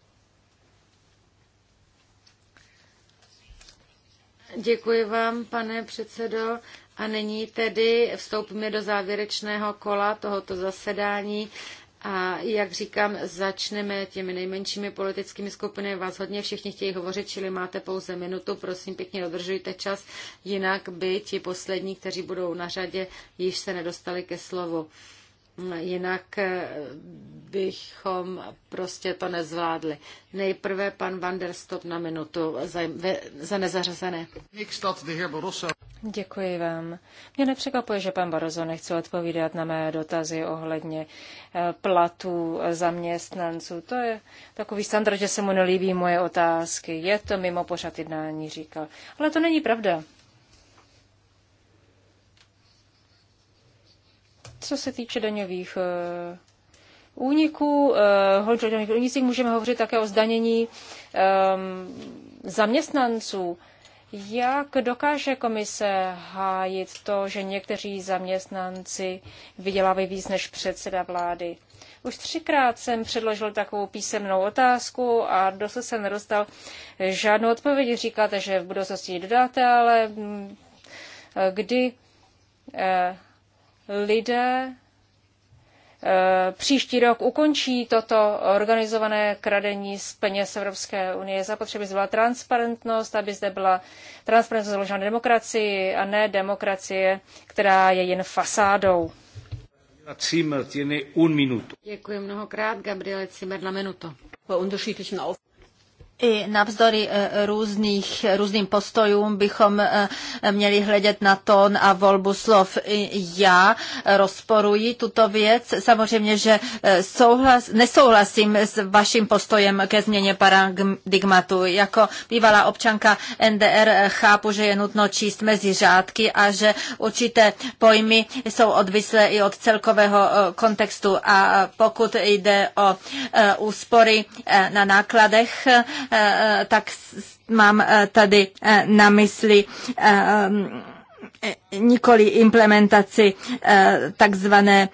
Děkuji vám, pane předsedo. A nyní tedy vstoupíme do závěrečného kola tohoto zasedání. A jak říkám, začneme těmi nejmenšími politickými skupinami. Vás hodně všichni chtějí hovořit, čili máte pouze minutu. Prosím, pěkně dodržujte čas, jinak by ti poslední, kteří budou na řadě, již se nedostali ke slovu. Jinak eh, bychom prostě to nezvládli. Nejprve pan Van der Stop na minutu za, za nezařazené.
Děkuji vám. Mě nepřekvapuje, že pan Barozo nechce odpovídat na mé dotazy ohledně eh, platů zaměstnanců. To je takový standard, že se mu nelíbí moje otázky. Je to mimo pořad jednání, říkal. Ale to není pravda. Co se týče daňových eh, úniků, eh, o daňových únicích můžeme hovořit také o zdanění ehm, zaměstnanců. Jak dokáže komise hájit to, že někteří zaměstnanci vydělávají víc než předseda vlády? Už třikrát jsem předložil takovou písemnou otázku a dosud jsem nedostal žádnou odpověď. Říkáte, že v budoucnosti ji dodáte, ale mm, eh, kdy lidé eh, příští rok ukončí toto organizované kradení z peněz Evropské unie. Zapotřebí zvolat transparentnost, aby zde byla transparentnost založena na demokracii a ne demokracie, která je jen fasádou.
Děkuji mnohokrát, Gabriele Cimer na minutu i navzdory e, různých, různým postojům bychom e, měli hledět na tón a volbu slov. Já rozporuji tuto věc. Samozřejmě, že e, souhlas, nesouhlasím s vaším postojem ke změně paradigmatu. Jako bývalá občanka NDR chápu, že je nutno číst mezi řádky a že určité pojmy jsou odvislé i od celkového kontextu. A pokud jde o úspory na nákladech, Eh, eh, tak mám eh, tady na mysli nikoli implementaci takzvané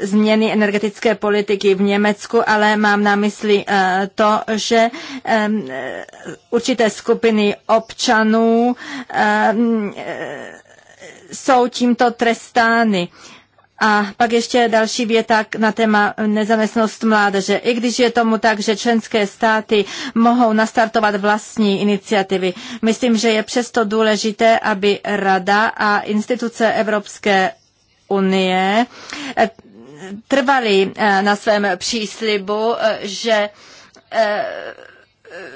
změny energetické politiky v Německu, ale mám na mysli to, že určité skupiny občanů jsou tímto trestány. A pak ještě další věta na téma nezaměstnanost mládeže. I když je tomu tak, že členské státy mohou nastartovat vlastní iniciativy, myslím, že je přesto důležité, aby Rada a instituce Evropské unie eh, trvali eh, na svém příslibu, eh, že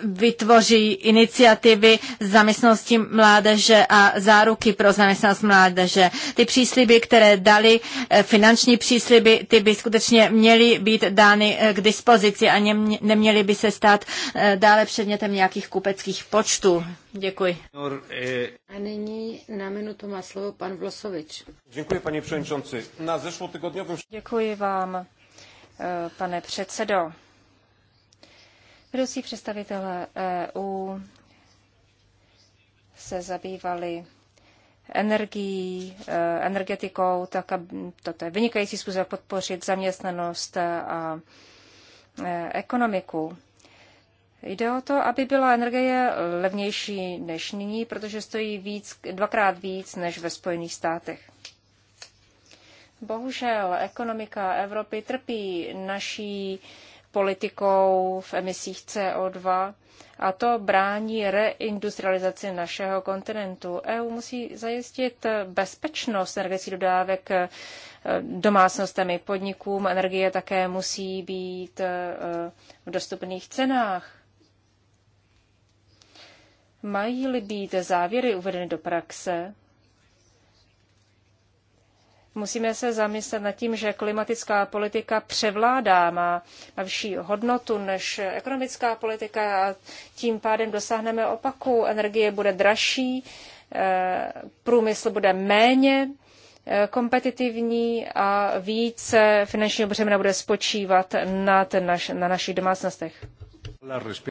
vytvoří iniciativy zaměstnanosti mládeže a záruky pro zaměstnanost mládeže. Ty přísliby, které dali, eh, finanční přísliby, ty by skutečně měly být dány eh, k dispozici a neměly by se stát eh, dále předmětem nějakých kupeckých počtů. Děkuji.
A nyní na minutu má slovo pan Vlosovič. Děkuji, paní předsedající. Na zešlotygodňovém... Děkuji
vám, pane předsedo. Vedoucí představitelé EU se zabývali energií, e, energetikou, tak aby, toto je vynikající způsob podpořit zaměstnanost a e, ekonomiku. Jde o to, aby byla energie levnější než nyní, protože stojí víc, dvakrát víc než ve Spojených státech. Bohužel ekonomika Evropy trpí naší politikou v emisích CO2 a to brání reindustrializaci našeho kontinentu. EU musí zajistit bezpečnost energetických dodávek e, domácnostem i podnikům. Energie také musí být e, v dostupných cenách. Mají-li být závěry uvedeny do praxe, Musíme se zamyslet nad tím, že klimatická politika převládá, má vyšší hodnotu než ekonomická politika a tím pádem dosáhneme opaku. Energie bude dražší, eh, průmysl bude méně eh, kompetitivní a více finančního břemena bude spočívat na našich domácnostech.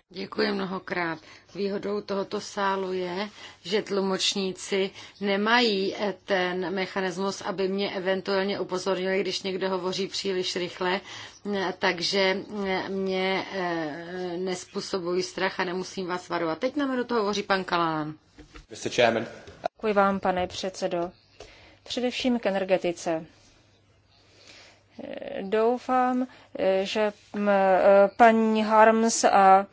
Děkuji mnohokrát. Výhodou tohoto sálu je, že tlumočníci nemají eh, ten mechanismus, aby mě eventuálně upozornili, když někdo hovoří příliš rychle, eh, takže eh, mě nespůsobují strach a nemusím vás varovat. Teď na minutu hovoří pan Kalán. Děkuji vám,
pane předsedo. Především k energetice. Doufám, že e, paní Harms a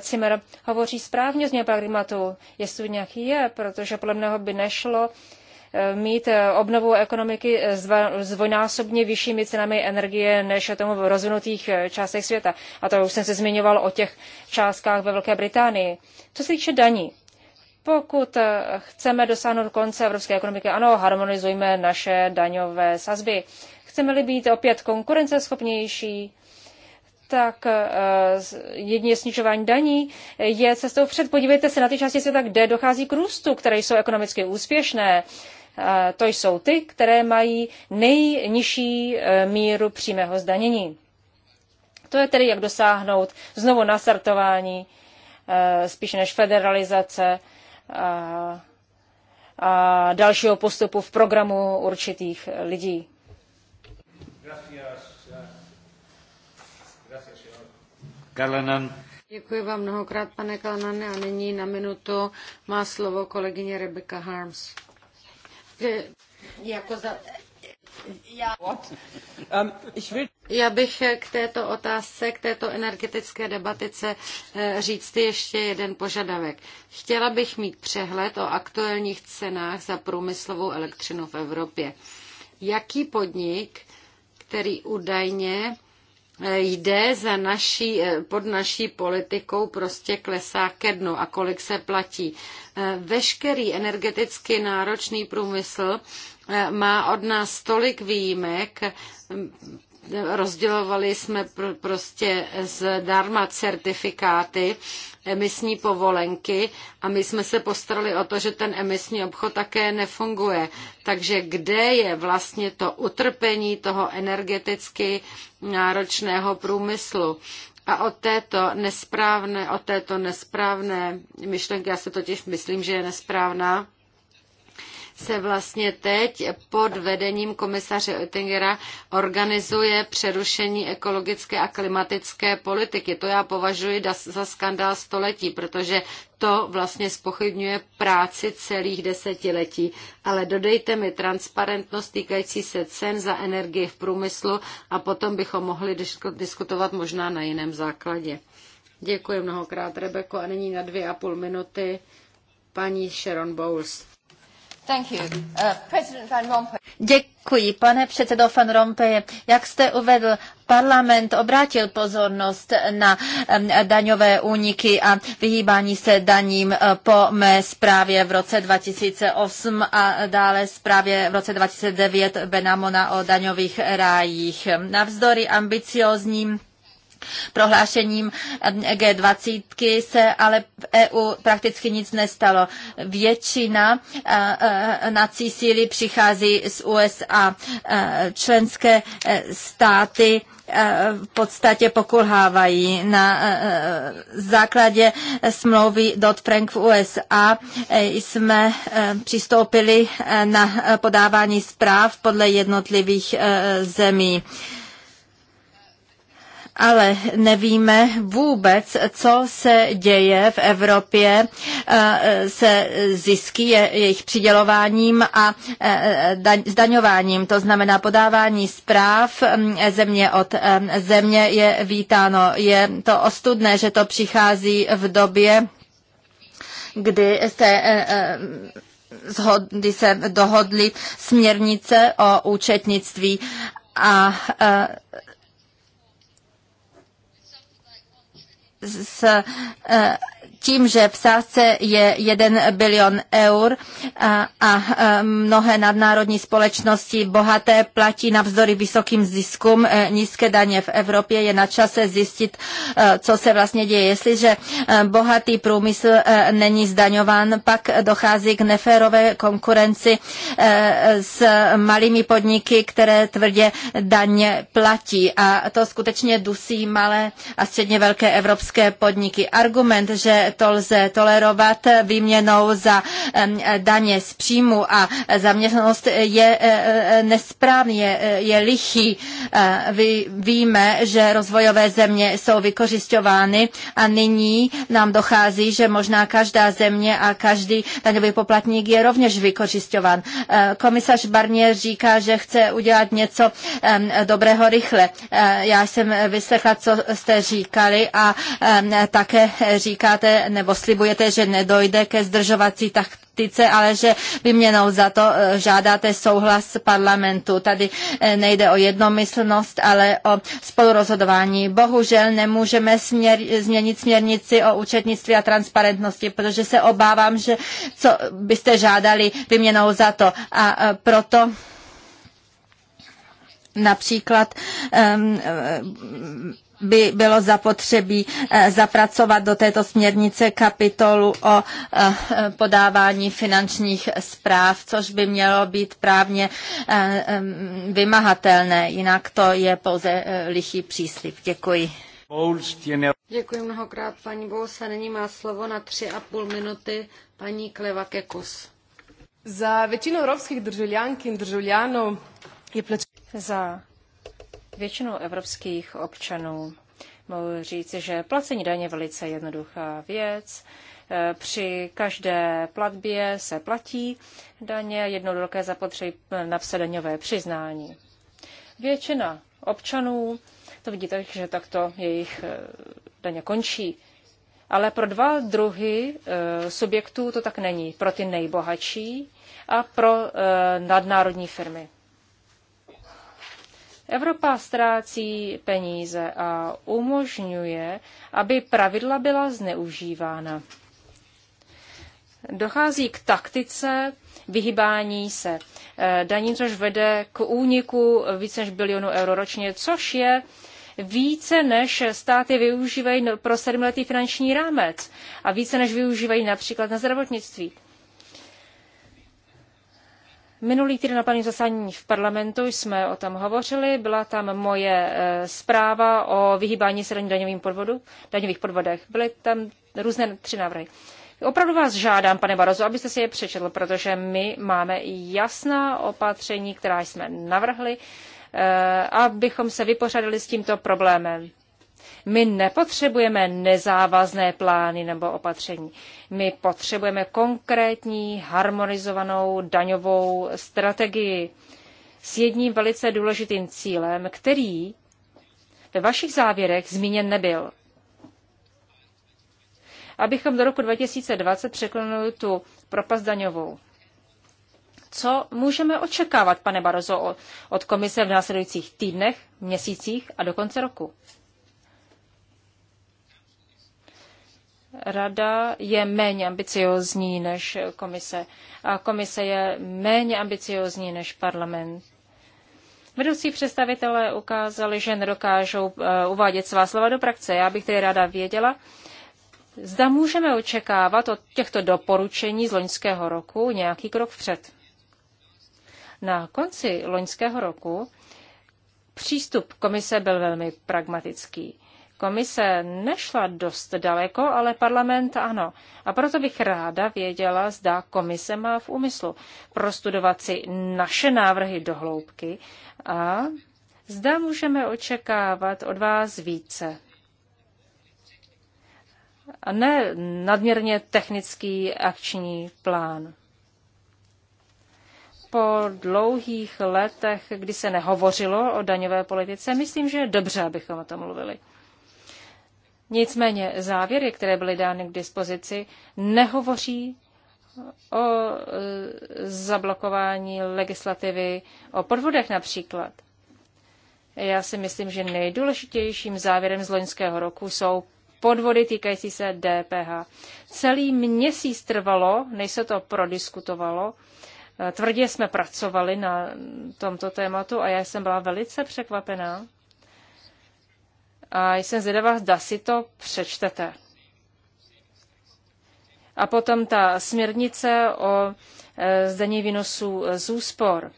Cimer e, hovoří správně z změně paradigmatu, jestli nějaký je, protože podle mého by nešlo e, mít obnovu ekonomiky s dvojnásobně vyššími cenami energie než tomu v rozvinutých částech světa. A to už jsem se zmiňoval o těch částkách ve Velké Británii. Co se týče daní, pokud chceme dosáhnout konce evropské ekonomiky, ano, harmonizujme naše daňové sazby chceme-li být opět konkurenceschopnější, tak eh, jedině snižování daní je cestou před. Podívejte se na ty části světa, kde dochází k růstu, které jsou ekonomicky úspěšné. Eh, to jsou ty, které mají nejnižší eh, míru přímého zdanění. To je tedy, jak dosáhnout znovu nastartování, spíše než federalizace a, a dalšího postupu v programu určitých lidí.
Kalanan. Děkuji vám mnohokrát, pane Kalanane, a nyní na minutu má slovo kolegyně Rebecca Harms. Jako za, um, já bych k této otázce, k této energetické debatice eh, říct ještě jeden požadavek. Chtěla bych mít přehled o aktuálních cenách za průmyslovou elektřinu v Evropě. Jaký podnik, který údajně E, jde za naší, e, pod naší politikou prostě klesá ke dnu a kolik se platí. E, veškerý energeticky náročný průmysl má od nás tolik výjimek, rozdělovali jsme pr- prostě zdarma certifikáty, emisní povolenky a my jsme se postarali o to, že ten emisní obchod také nefunguje. Takže kde je vlastně to utrpení toho energeticky náročného průmyslu? A o této nesprávné, o této nesprávné myšlenky, já se totiž myslím, že je nesprávná, se vlastně teď pod vedením komisaře Oettingera organizuje přerušení ekologické a klimatické politiky. To já považuji za skandál století, protože to vlastně spochybňuje práci celých desetiletí. Ale dodejte mi transparentnost týkající se cen za energii v průmyslu a potom bychom mohli diskutovat možná na jiném základě. Děkuji mnohokrát, Rebeko. A nyní na dvě a půl minuty paní Sharon Bowles. Uh, Děkuji, pane předsedo Van Rompuy. Jak
jste uvedl, parlament obrátil pozornost na um, daňové úniky a vyhýbání se daním uh, po mé zprávě v roce 2008 a dále zprávě v roce 2009 Benamona o daňových rájích. Navzdory ambiciozním prohlášením G20 se ale v EU prakticky nic nestalo. Většina e, e, nací síly přichází z USA. E, členské státy v podstatě pokulhávají. Na základě smlouvy Dodd-Frank v USA jsme přistoupili na podávání zpráv podle jednotlivých zemí ale nevíme vůbec, co se děje v Evropě eh, se zisky jejich přidělováním a eh, zdaňováním. To znamená podávání zpráv mm, země od eh, země je vítáno. Je to ostudné, že to přichází v době, kdy se kdy se dohodly směrnice o účetnictví a s eh, tím, že v sázce je 1 bilion eur a, a um, mnohé nadnárodní společnosti bohaté platí navzdory vysokým ziskům e, nízké daně v Evropě, je na čase zjistit, e, co se vlastně děje. Jestliže e, bohatý průmysl není zdaňován, pak dochází k neférové konkurenci s malými podniky, které tvrdě daně platí. A to skutečně dusí malé a středně velké evropské podniky. Argument, že to lze tolerovat výměnou za daně z příjmu a zaměstnanost je e, e, nesprávný, je, e, je lichý. Vy, víme, že rozvojové země jsou vykořišťovány a nyní nám dochází, že možná každá země a každý daňový poplatník je rovněž vykořišťován. Komisař Barnier říká, že chce udělat něco dobrého rychle. Já jsem vyslechla, co jste říkali a také říkáte nebo slibujete, že nedojde ke zdržovací taktice, ale že vyměnou za to eh, žádáte souhlas parlamentu. Tady eh, nejde o jednomyslnost, ale o spolurozhodování. Bohužel nemůžeme směr, změnit směrnici o účetnictví a transparentnosti, protože se obávám, že co byste žádali vyměnou za to. A eh, proto například um, by bylo zapotřebí eh, zapracovat do této směrnice kapitolu o eh, podávání finančních zpráv, což by mělo být právně eh, vymahatelné, jinak to je pouze lichý příslip. Děkuji.
Děkuji mnohokrát, paní Bousa. Nyní má slovo na tři a půl minuty paní Kleva Kekus. Za většinu evropských državljank in je plečení. Za
většinou evropských občanů. Mohu říci, že placení daně je velice jednoduchá věc. E, při každé platbě se platí daně, jednoduché zapotřebí napsat daňové přiznání. Většina občanů to vidíte, že takto jejich e, daně končí. Ale pro dva druhy e, subjektů to tak není. Pro ty nejbohatší a pro nadnárodní firmy. Evropa ztrácí peníze a umožňuje, aby pravidla byla zneužívána. Dochází k taktice vyhybání se eh, daním, což vede k úniku více než bilionu euro ročně, což je více než státy využívají pro sedmletý finanční rámec a více než využívají například na zdravotnictví. Minulý týden na plném zasání v parlamentu jsme o tom hovořili, byla tam moje e, zpráva o vyhýbání se daňovým podvodu, daňových podvodech. Byly tam různé tři návrhy. Opravdu vás žádám, pane Barozu, abyste si je přečetl, protože my máme jasná opatření, která jsme navrhli, e, abychom se vypořádali s tímto problémem. My nepotřebujeme nezávazné plány nebo opatření. My potřebujeme konkrétní, harmonizovanou daňovou strategii s jedním velice důležitým cílem, který ve vašich závěrech zmíněn nebyl. Abychom do roku 2020 překlonili tu propast daňovou. Co můžeme očekávat, pane Barozo, od komise v následujících týdnech, měsících a do konce roku? rada je méně ambiciozní než komise a komise je méně ambiciozní než parlament. Vedoucí představitelé ukázali, že nedokážou eh, uvádět svá slova do praxe. Já bych tedy ráda věděla, zda můžeme očekávat od těchto doporučení z loňského roku nějaký krok vpřed. Na konci loňského roku přístup komise byl velmi pragmatický Komise nešla dost daleko, ale parlament ano. A proto bych ráda věděla, zda komise má v úmyslu prostudovat si naše návrhy do hloubky a zda můžeme očekávat od vás více. A ne nadměrně technický akční plán. Po dlouhých letech, kdy se nehovořilo o daňové politice, myslím, že je dobře, abychom o tom mluvili. Nicméně závěry, které byly dány k dispozici, nehovoří o e, zablokování legislativy, o podvodech například. Já si myslím, že nejdůležitějším závěrem z loňského roku jsou podvody týkající se DPH. Celý měsíc trvalo, než se to prodiskutovalo. E, tvrdě jsme pracovali na tomto tématu a já jsem byla velice překvapená, a jsem zvědavá, zda si to přečtete. A potom ta směrnice o e, zdaní výnosů z úspor.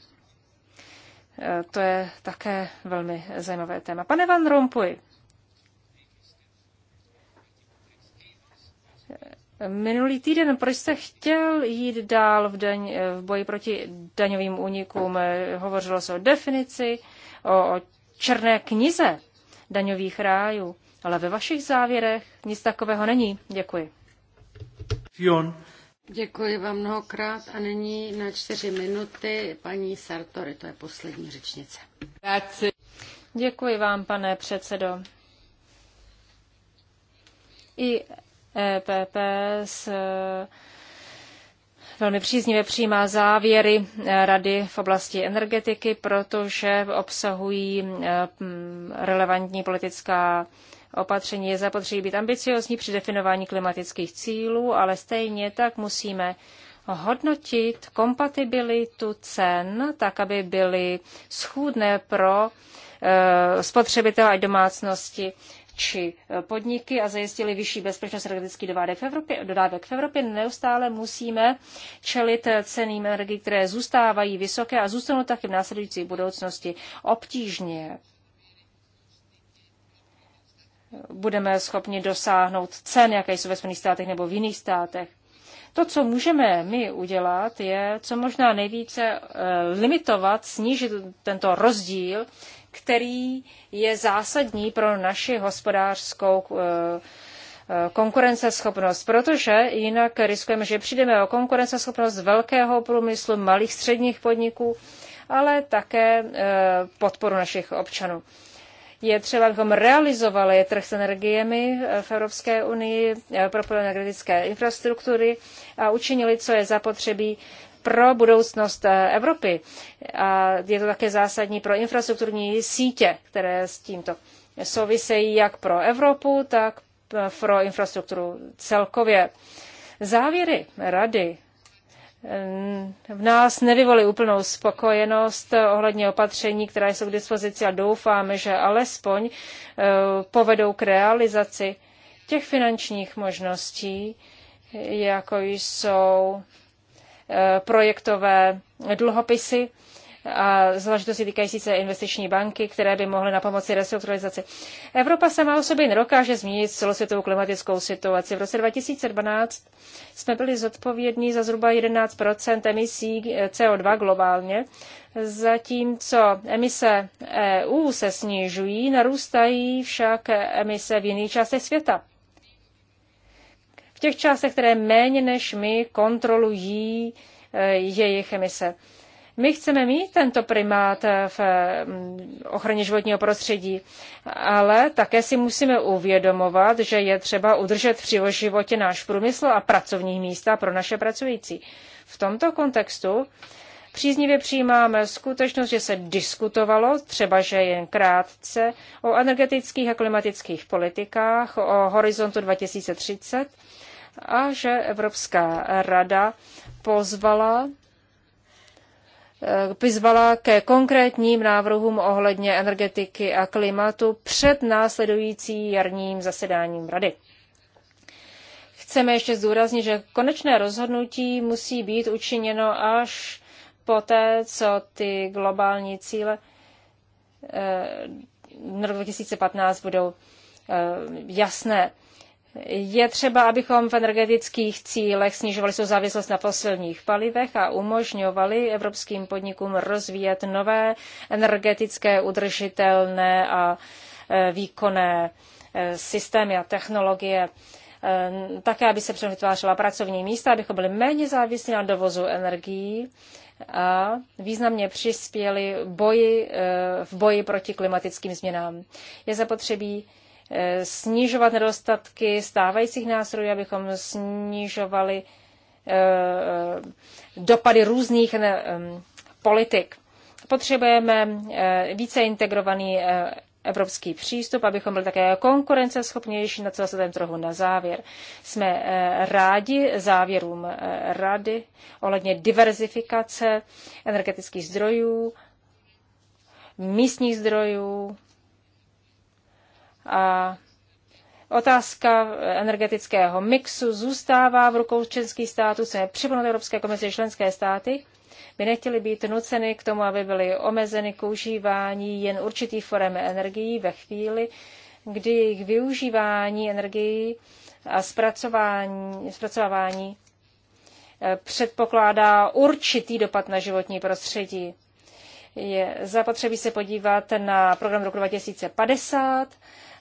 E, to je také velmi zajímavé téma. Pane Van Rompuy, Minulý týden, proč jste chtěl jít dál v, daň, e, v boji proti daňovým únikům? Hovořilo se o definici, o, o černé knize daňových rájů. Ale ve vašich závěrech nic takového není.
Děkuji. Fion. Děkuji vám mnohokrát a nyní na čtyři minuty paní Sartori, to je poslední řečnice. Děkuji vám, pane předsedo.
I EPP s velmi příznivě přijímá závěry eh, Rady v oblasti energetiky, protože obsahují eh, relevantní politická opatření. Je zapotřebí být ambiciozní při definování klimatických cílů, ale stejně tak musíme hodnotit kompatibilitu cen, tak aby byly schůdné pro eh, spotřebitele a domácnosti či eh, podniky a zajistili vyšší bezpečnost energetických dodávek v Evropě. Dodávek v Evropě neustále musíme čelit eh, ceným energií, které zůstávají vysoké a zůstanou taky v následující budoucnosti obtížně budeme schopni dosáhnout cen, jaké jsou ve Spojených státech nebo v jiných státech. To, co můžeme my udělat, je co možná nejvíce eh, limitovat, snížit tento rozdíl který je zásadní pro naši hospodářskou eh, eh, konkurenceschopnost, protože jinak riskujeme, že přijdeme o konkurenceschopnost velkého průmyslu, malých středních podniků, ale také eh, podporu našich občanů. Je třeba, abychom realizovali trh s energiemi v Evropské unii, propojili energetické infrastruktury a učinili, co je zapotřebí pro budoucnost eh, Evropy. A je to také zásadní pro infrastrukturní sítě, které s tímto souvisejí jak pro Evropu, tak pro infrastrukturu celkově. Závěry rady eh, v nás nevyvolí úplnou spokojenost ohledně opatření, která jsou k dispozici a doufáme, že alespoň eh, povedou k realizaci těch finančních možností, jako jsou projektové dluhopisy a záležitosti týkající se investiční banky, které by mohly na pomoci restrukturalizaci. Evropa sama o sobě nedokáže změnit celosvětovou klimatickou situaci. V roce 2012 jsme byli zodpovědní za zhruba 11 emisí CO2 globálně, zatímco emise EU se snižují, narůstají však emise v jiných částech světa v těch částech, které méně než my kontrolují eh, jejich emise. My chceme mít tento primát eh, v mm, ochraně životního prostředí, ale také si musíme uvědomovat, že je třeba udržet při životě náš průmysl a pracovní místa pro naše pracující. V tomto kontextu Příznivě přijímáme skutečnost, že se diskutovalo, třeba že jen krátce, o energetických a klimatických politikách, o horizontu 2030 a že Evropská rada pozvala eh, vyzvala ke konkrétním návrhům ohledně energetiky a klimatu před následující jarním zasedáním Rady. Chceme ještě zdůraznit, že konečné rozhodnutí musí být učiněno až poté, co ty globální cíle eh, na 2015 budou eh, jasné. Je třeba, abychom v energetických cílech snižovali svou závislost na fosilních palivech a umožňovali evropským podnikům rozvíjet nové energetické, udržitelné a e, výkonné e, systémy a technologie e, také, aby se přitom vytvářela pracovní místa, abychom byli méně závislí na dovozu energií a významně přispěli boji, v boji proti klimatickým změnám. Je zapotřebí Eh, snižovat nedostatky stávajících nástrojů, abychom snižovali eh, eh, dopady různých politik. Potřebujeme více integrovaný evropský přístup, abychom byli také konkurenceschopnější na celosvětovém trhu na závěr. Jsme rádi závěrům rady ohledně diverzifikace energetických zdrojů, místních zdrojů, a Otázka energetického mixu zůstává v rukou členských států. Chceme připomenout Evropské komisi členské státy. By nechtěli být nuceny k tomu, aby byly omezeny k užívání jen určitých forem energií ve chvíli, kdy jejich využívání energií a zpracování, zpracovávání eh, předpokládá určitý dopad na životní prostředí. Je zapotřebí se podívat na program roku 2050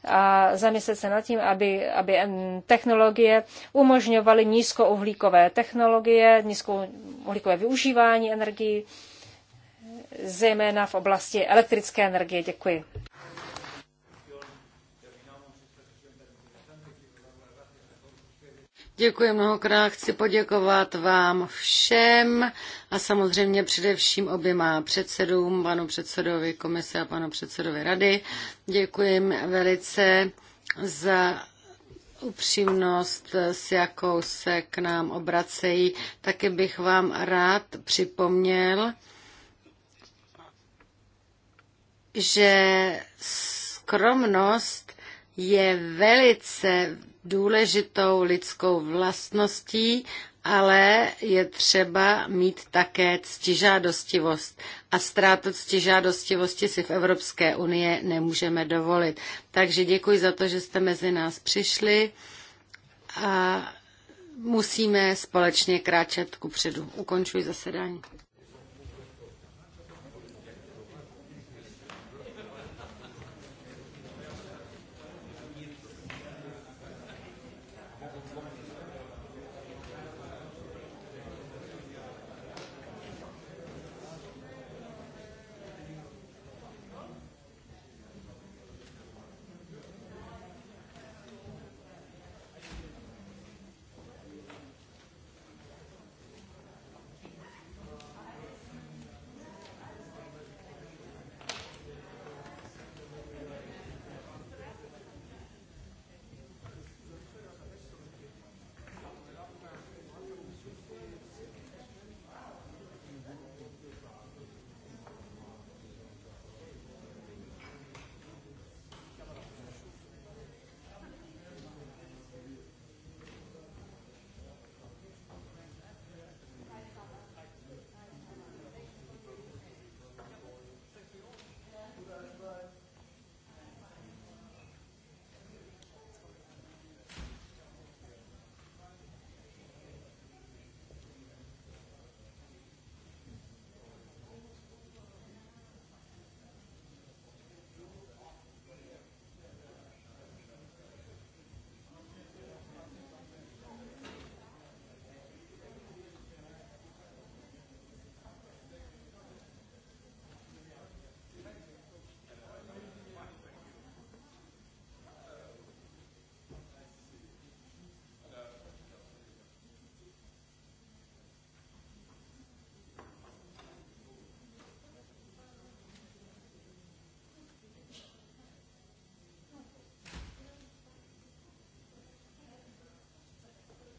a zamyslet se nad tím, aby, aby technologie umožňovaly nízkouhlíkové technologie, nízkouhlíkové využívání energii, zejména v oblasti elektrické energie. Děkuji.
Děkuji mnohokrát, chci poděkovat vám všem a samozřejmě především oběma předsedům, panu předsedovi komise a panu předsedovi rady. Děkuji velice za upřímnost, s jakou se k nám obracejí. Taky bych vám rád připomněl, že skromnost je velice důležitou lidskou vlastností, ale je třeba mít také ctižádostivost. A ztrátu ctižádostivosti si v Evropské unii nemůžeme dovolit. Takže děkuji za to, že jste mezi nás přišli a musíme společně kráčet ku předu. Ukončuji zasedání.